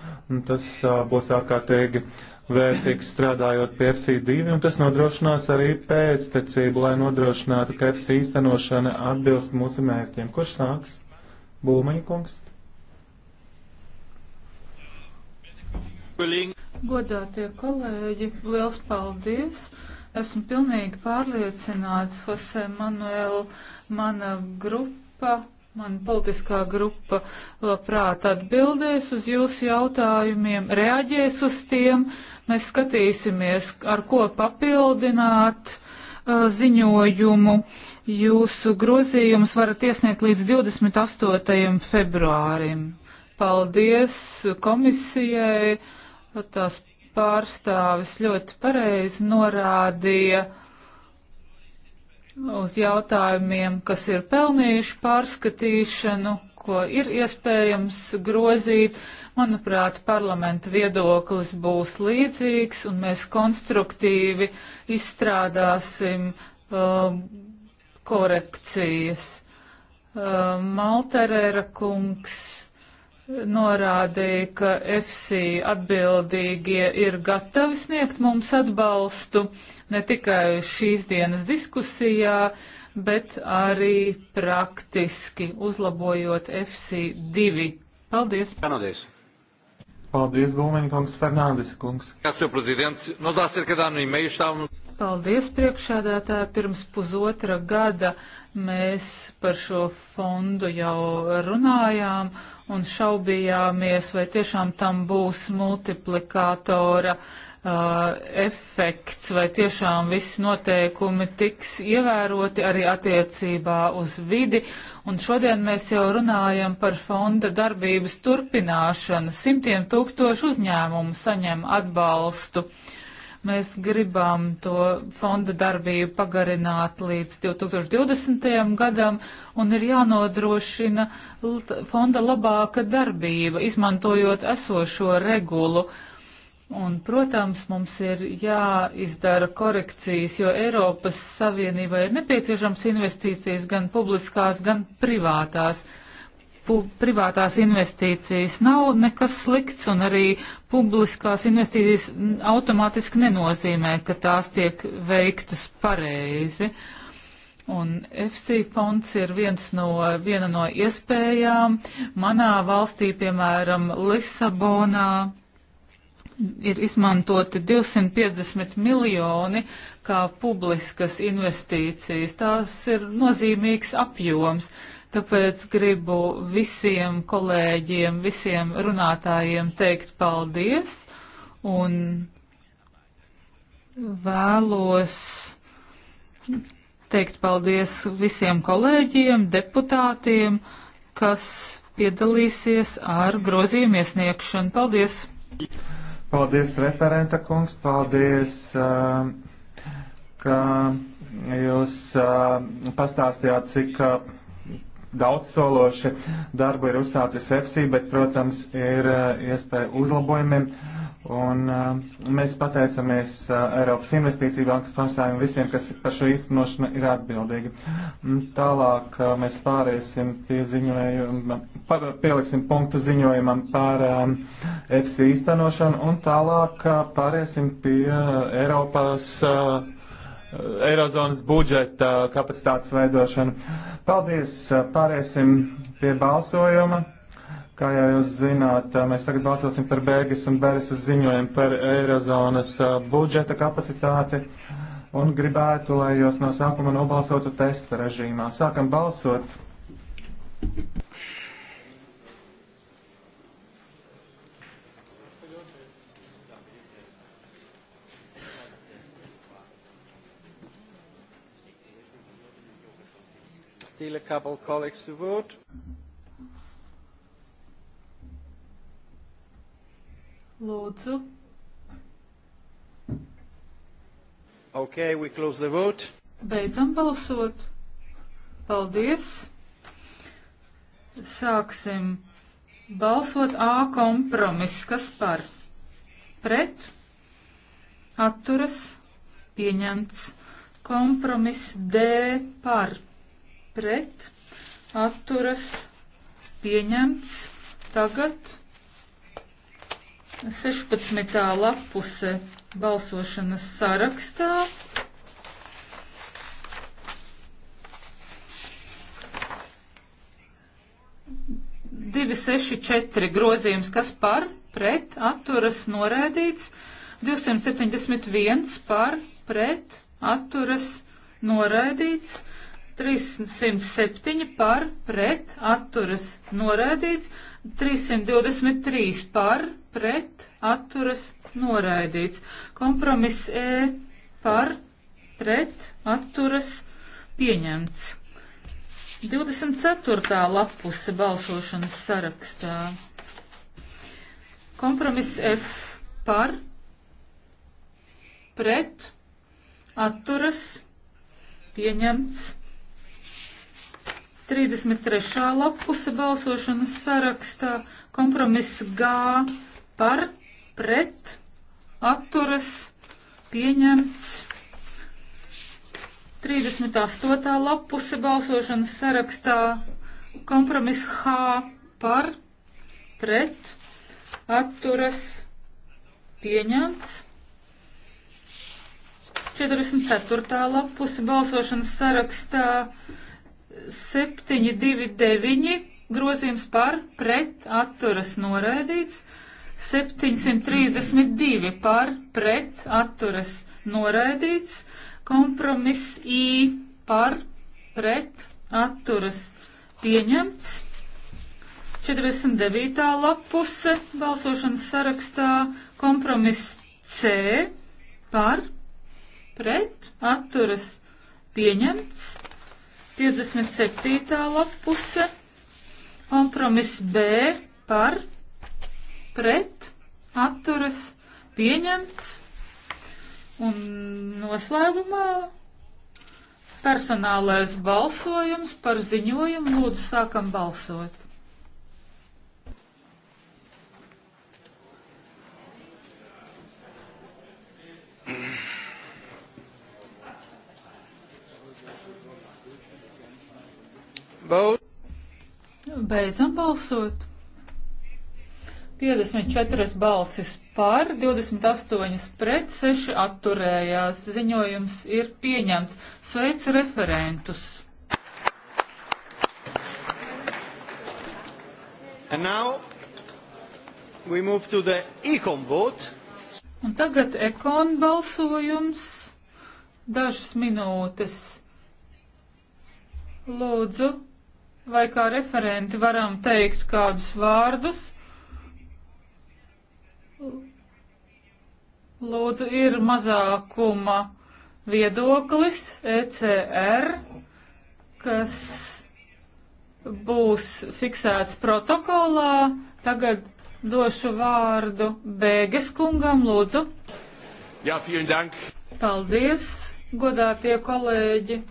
Tas uh, būs ārkārtīgi vērtīgs strādājot pie FC2, un tas nodrošinās arī pēctecību, lai nodrošinātu, ka FC īstenošana atbilst mūsu mērķiem. Kurš sāks? Bulmaņa kungs? Godātie kolēģi, liels paldies! Esmu pilnīgi pārliecināts, Jose Manuel, mana grupa, mana politiskā grupa labprāt atbildēs uz jūsu jautājumiem, reaģēs uz tiem. Mēs skatīsimies, ar ko papildināt uh, ziņojumu. Jūsu grozījumus varat iesniegt līdz 28. februārim. Paldies komisijai! Nu, tās pārstāvis ļoti pareizi norādīja uz jautājumiem, kas ir pelnījuši pārskatīšanu, ko ir iespējams grozīt. Manuprāt, parlamenta viedoklis būs līdzīgs un mēs konstruktīvi izstrādāsim um, korekcijas. Um, Malterēra kungs norādīja, ka FC atbildīgie ir gatavi sniegt mums atbalstu ne tikai šīs dienas diskusijā, bet arī praktiski uzlabojot FC2. Paldies! Kanadies. Paldies, Bulmeņa kungs, Fernandes kungs. Kāds jau prezidents, no tā cirka dānu imēju štāvu. Paldies, priekšādātāji. Pirms pusotra gada mēs par šo fondu jau runājām un šaubījāmies, vai tiešām tam būs multiplikātora uh, efekts, vai tiešām visi noteikumi tiks ievēroti arī attiecībā uz vidi. Un šodien mēs jau runājam par fonda darbības turpināšanu. Simtiem tūkstošu uzņēmumu saņem atbalstu. Uh, Mēs gribam to fonda darbību pagarināt līdz 2020. gadam un ir jānodrošina fonda labāka darbība, izmantojot esošo regulu. Un, protams, mums ir jāizdara korekcijas, jo Eiropas Savienībai ir nepieciešams investīcijas gan publiskās, gan privātās. Uh, privātās investīcijas nav nekas slikts, un arī publiskās investīcijas automātiski nenozīmē, ka tās tiek veiktas pareizi. Un FC fonds ir viens no, viena no iespējām. Manā valstī, piemēram, Lisabonā, ir izmantoti 250 miljoni kā publiskas investīcijas. Tās ir nozīmīgs apjoms. Uh, Tāpēc gribu visiem kolēģiem, visiem runātājiem teikt paldies un vēlos teikt paldies visiem kolēģiem, deputātiem, kas piedalīsies ar grozījumu iesniegšanu. Paldies! Paldies, referenta kungs, paldies, um, ka jūs um, pastāstījāt, cik uh, daudzsološi darbu ir uzsācis EFSI, bet, protams, ir eh, iespēja uzlabojumiem. Un eh, mēs pateicamies eh, Eiropas Investīciju bankas pārstāvjiem visiem, kas par šo īstenošanu ir atbildīgi. Tālāk mēs pāriesim pie ziņojuma, pieliksim punktu ziņojumam par EFSI īstenošanu un tālāk pāriesim pie Eiropas. Uh, Eirozonas budžeta kapacitātes veidošanu. Paldies! Pāriesim pie balsojuma. Kā jau jūs zināt, mēs tagad balsosim par Bēgas un Bereses ziņojumu par Eirozonas budžeta kapacitāti un gribētu, lai jūs no sākuma nobalsotu testa režīmā. Sākam balsot! still a couple colleagues to vote. Lūdzu. Okay, we close the vote. Beidzam balsot. Paldies. Sāksim balsot A kompromiss, kas par pret atturas pieņemts kompromiss D par pret, atturas, pieņemts. Tagad 16. lapuse balsošanas sarakstā. Divi, seši, četri grozījums, kas par, pret, atturas, norēdīts. 271 par, pret, atturas, norēdīts. 307 par, pret, atturas noraidīts, 323 par, pret, atturas noraidīts. Kompromiss E par, pret, atturas pieņemts. 24. lapuse balsošanas sarakstā. Kompromiss F par, pret, atturas pieņemts. 33. lapuse balsošanas sarakstā kompromiss G par pret atturas pieņemts. 38. lapuse balsošanas sarakstā kompromiss H par pret atturas pieņemts. 44. lapuse balsošanas sarakstā kompromiss 729 grozījums par pret atturas noraidīts, 732 par pret atturas noraidīts, kompromiss I par pret atturas pieņemts. 49. lapuse balsošanas sarakstā kompromiss C par pret atturas pieņemts. 57. lapuse, kompromiss B par, pret, atturas, pieņemts. Un noslēgumā personālais balsojums par ziņojumu lūdzu sākam balsot. Vote. Beidzam balsot. 54 balsis par, 28 pret, 6 atturējās. Ziņojums ir pieņemts. Sveicu referentus. Un tagad ekon balsojums. Dažas minūtes. Lūdzu, vai kā referenti varam teikt kādus vārdus? Lūdzu, ir mazākuma viedoklis ECR, kas būs fiksēts protokolā. Tagad došu vārdu Bēges kungam, lūdzu. Jā, vielen dank. Paldies, godātie kolēģi.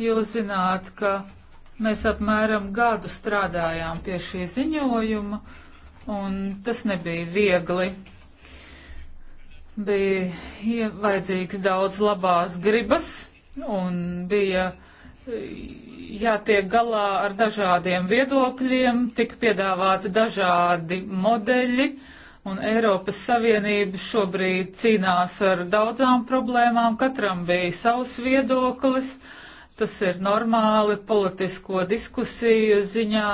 Jūs zināt, ka Mēs apmēram gadu strādājām pie šī ziņojuma, un tas nebija viegli. Bija vajadzīgs daudz labās gribas, un bija eh, jātiek galā ar dažādiem viedokļiem, tika piedāvāti dažādi modeļi, un Eiropas Savienība šobrīd cīnās ar daudzām problēmām, katram bija savs viedoklis, Tas ir normāli politisko diskusiju ziņā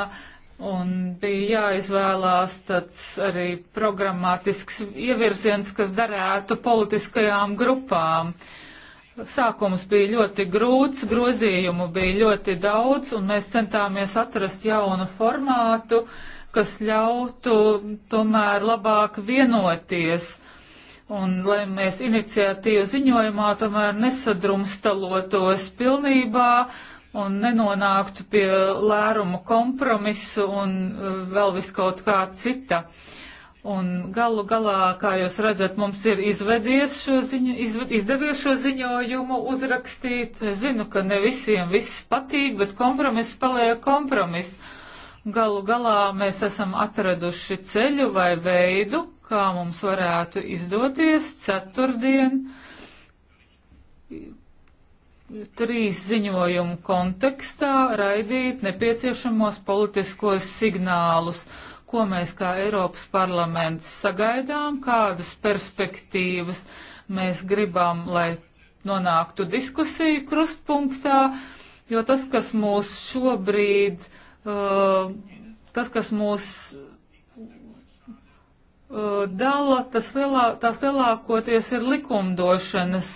un bija jāizvēlās tāds arī programmatisks ievirziens, kas darētu politiskajām grupām. Sākums bija ļoti grūts, grozījumu bija ļoti daudz, un mēs centāmies atrast jaunu formātu, kas ļautu tomēr labāk vienoties. Uh, un lai mēs iniciatīvu ziņojumā tomēr nesadrumstalotos pilnībā un nenonāktu pie lērumu kompromisu un uh, vēl viskaut kā cita. Un galu galā, kā jūs redzat, mums ir izvedies šo ziņo, izved, izdevies šo ziņojumu uzrakstīt. Es zinu, ka ne visiem viss patīk, bet kompromiss paliek kompromiss. Galu galā mēs esam atraduši ceļu vai veidu, kā mums varētu izdoties ceturtdien trīs ziņojumu kontekstā raidīt nepieciešamos politiskos signālus, ko mēs kā Eiropas parlaments sagaidām, kādas perspektīvas mēs gribam, lai nonāktu diskusiju krustpunktā, jo tas, kas mūs šobrīd, uh, tas, kas mūs Eh, dala, tas lielā, tās lielākoties ir likumdošanas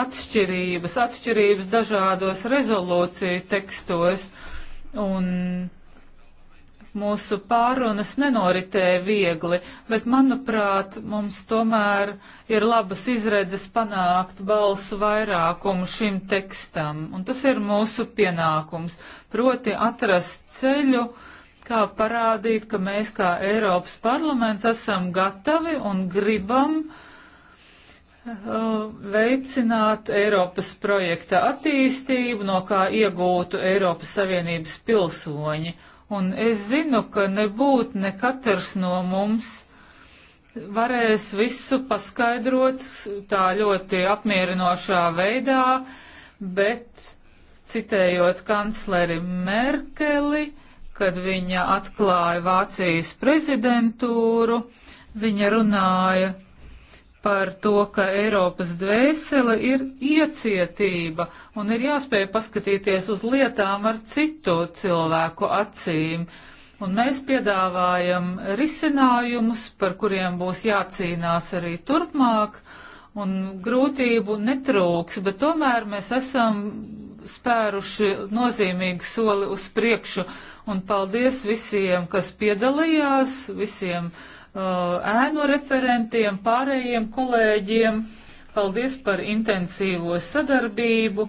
atšķirības, atšķirības dažādos rezolūciju tekstos, un mūsu pārunas nenoritē viegli, bet, manuprāt, mums tomēr ir labas izredzes panākt balsu vairākumu šim tekstam, un tas ir mūsu pienākums, proti atrast ceļu, uh, kā parādīt, ka mēs kā Eiropas parlaments esam gatavi un gribam uh, veicināt Eiropas projekta attīstību, no kā iegūtu Eiropas Savienības pilsoņi. Un es zinu, ka nebūt ne katrs no mums varēs visu paskaidrot tā ļoti apmierinošā veidā, bet citējot kancleri Merkeli, uh, kad viņa atklāja Vācijas prezidentūru, viņa runāja par to, ka Eiropas dvēsele ir iecietība un ir jāspēj paskatīties uz lietām ar citu cilvēku acīm. Un mēs piedāvājam risinājumus, par kuriem būs jācīnās arī turpmāk un grūtību netrūks, bet tomēr mēs esam spēruši nozīmīgu soli uz priekšu. Un paldies visiem, kas piedalījās, visiem uh, ēnu referentiem, pārējiem kolēģiem. Paldies par intensīvo sadarbību.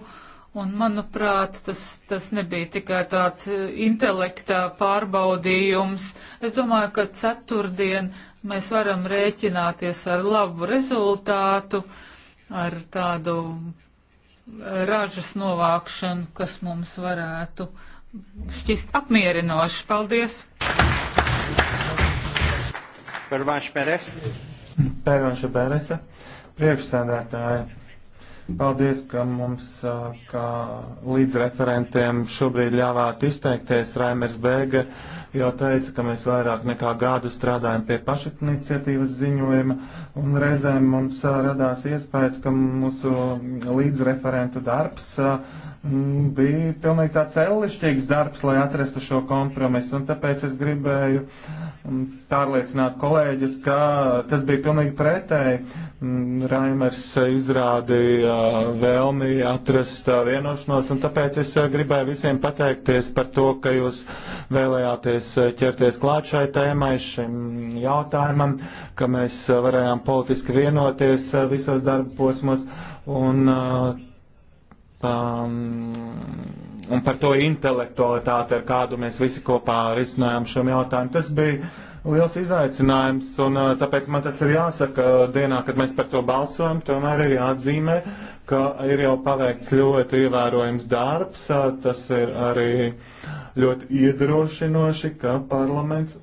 Un, manuprāt, tas, tas nebija tikai tāds uh, intelektā pārbaudījums. Es domāju, ka ceturtdien mēs varam rēķināties ar labu rezultātu, ar tādu ražas novākšanu, kas mums varētu šķist apmierinoši. Paldies! Pērvanša Pērese, priekšsēdētāji. Paldies, ka mums kā līdzreferentiem šobrīd ļāvāt izteikties. Raimers Bēga jau teica, ka mēs vairāk nekā gadu strādājam pie pašiniciatīvas ziņojuma, un reizēm mums radās iespējas, ka mūsu līdzreferentu darbs Mm, bija pilnīgi tāds ellišķīgs darbs, lai atrastu šo kompromisu, un tāpēc es gribēju mm, pārliecināt kolēģis, ka tas bija pilnīgi pretēji. Mm, Raimers izrādīja uh, vēlmi atrast uh, vienošanos, un tāpēc es uh, gribēju visiem pateikties par to, ka jūs vēlējāties ķerties klāt šai tēmai, šim jautājumam, ka mēs varējām politiski vienoties visos darba posmos, un Um, un par to intelektualitāti, ar kādu mēs visi kopā risinājām šo jautājumu. Tas bija liels izaicinājums, un uh, tāpēc man tas ir jāsaka uh, dienā, kad mēs par to balsojam, tomēr ir jāatzīmē, ka ir jau paveikts ļoti ievērojams darbs. Uh, tas ir arī ļoti iedrošinoši, ka parlaments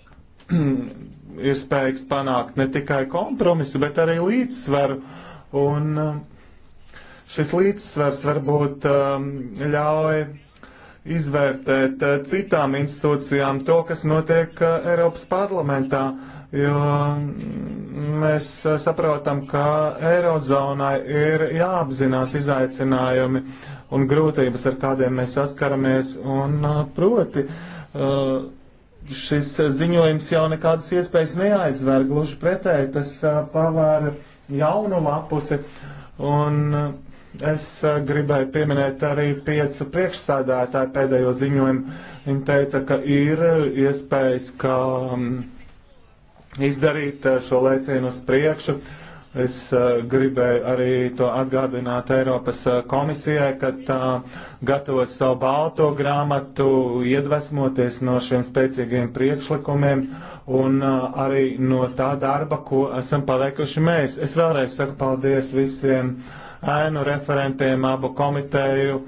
[clears throat] ir spējīgs panākt ne tikai kompromisu, bet arī līdzsvaru. Un uh, Šis līdzsvers varbūt um, ļauj izvērtēt uh, citām institūcijām to, kas notiek uh, Eiropas parlamentā, jo mm, mēs uh, saprotam, ka Eirozonai ir jāapzinās izaicinājumi un grūtības, ar kādiem mēs saskaramies, un proti. Uh, šis ziņojums jau nekādas iespējas neaizver, gluži pretēji tas pavēra jaunu lapusi. Un Es uh, gribēju pieminēt arī piecu priekšsādātāju pēdējo ziņojumu. Viņa teica, ka ir iespējas, ka um, izdarīt uh, šo lēcienu uz priekšu. Es uh, gribēju arī to atgādināt Eiropas uh, komisijai, ka tā gatavo savu balto grāmatu, iedvesmoties no šiem spēcīgiem priekšlikumiem un uh, arī no tā darba, ko esam paveikuši mēs. Es vēlreiz saku paldies visiem uh, ēnu referentiem, abu komiteju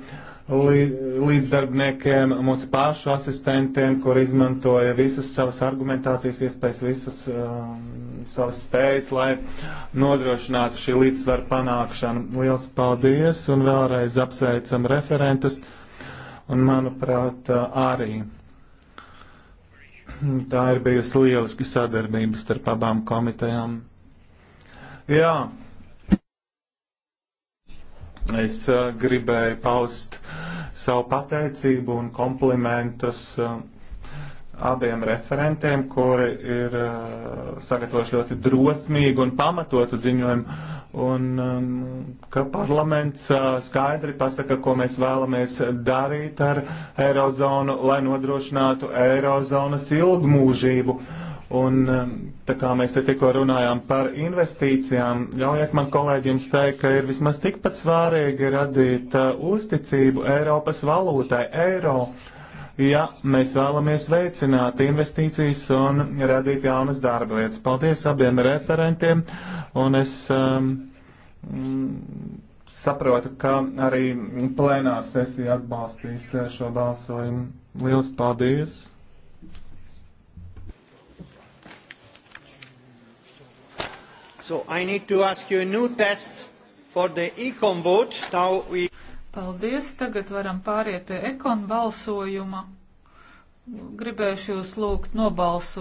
līdzdarbniekiem, mūsu pašu asistentiem, kur izmantoja visas savas argumentācijas iespējas, visas um, savas spējas, lai nodrošinātu šī līdzsvaru panākšanu. Liels paldies un vēlreiz apsveicam referentus un, manuprāt, arī. Tā ir bijusi lieliski sadarbība starp abām komitejām. Jā. Yeah. Es uh, gribēju paust savu pateicību un komplimentus uh, abiem referentiem, kuri ir uh, sagatavojuši ļoti drosmīgu un pamatotu ziņojumu, un um, ka parlaments uh, skaidri pasaka, ko mēs vēlamies darīt ar Eirozonu, lai nodrošinātu Eirozonas ilgmūžību. Uh, Un um, tā kā mēs te tikko runājām par investīcijām, ļaujiet man kolēģiem teikt, ka ir vismaz tikpat svārīgi radīt uh, uzticību Eiropas valūtai, eiro, ja mēs vēlamies veicināt investīcijas un radīt jaunas darba vietas. Paldies abiem referentiem, un es um, mm, saprotu, ka arī plēnāra sesija atbalstīs uh, šo balsojumu. Lielas paldies! So I need to ask you a new test for the econ vote. Now we... Paldies, tagad varam pāriet pie ekon balsojuma. Gribēšu jūs lūgt nobalsot.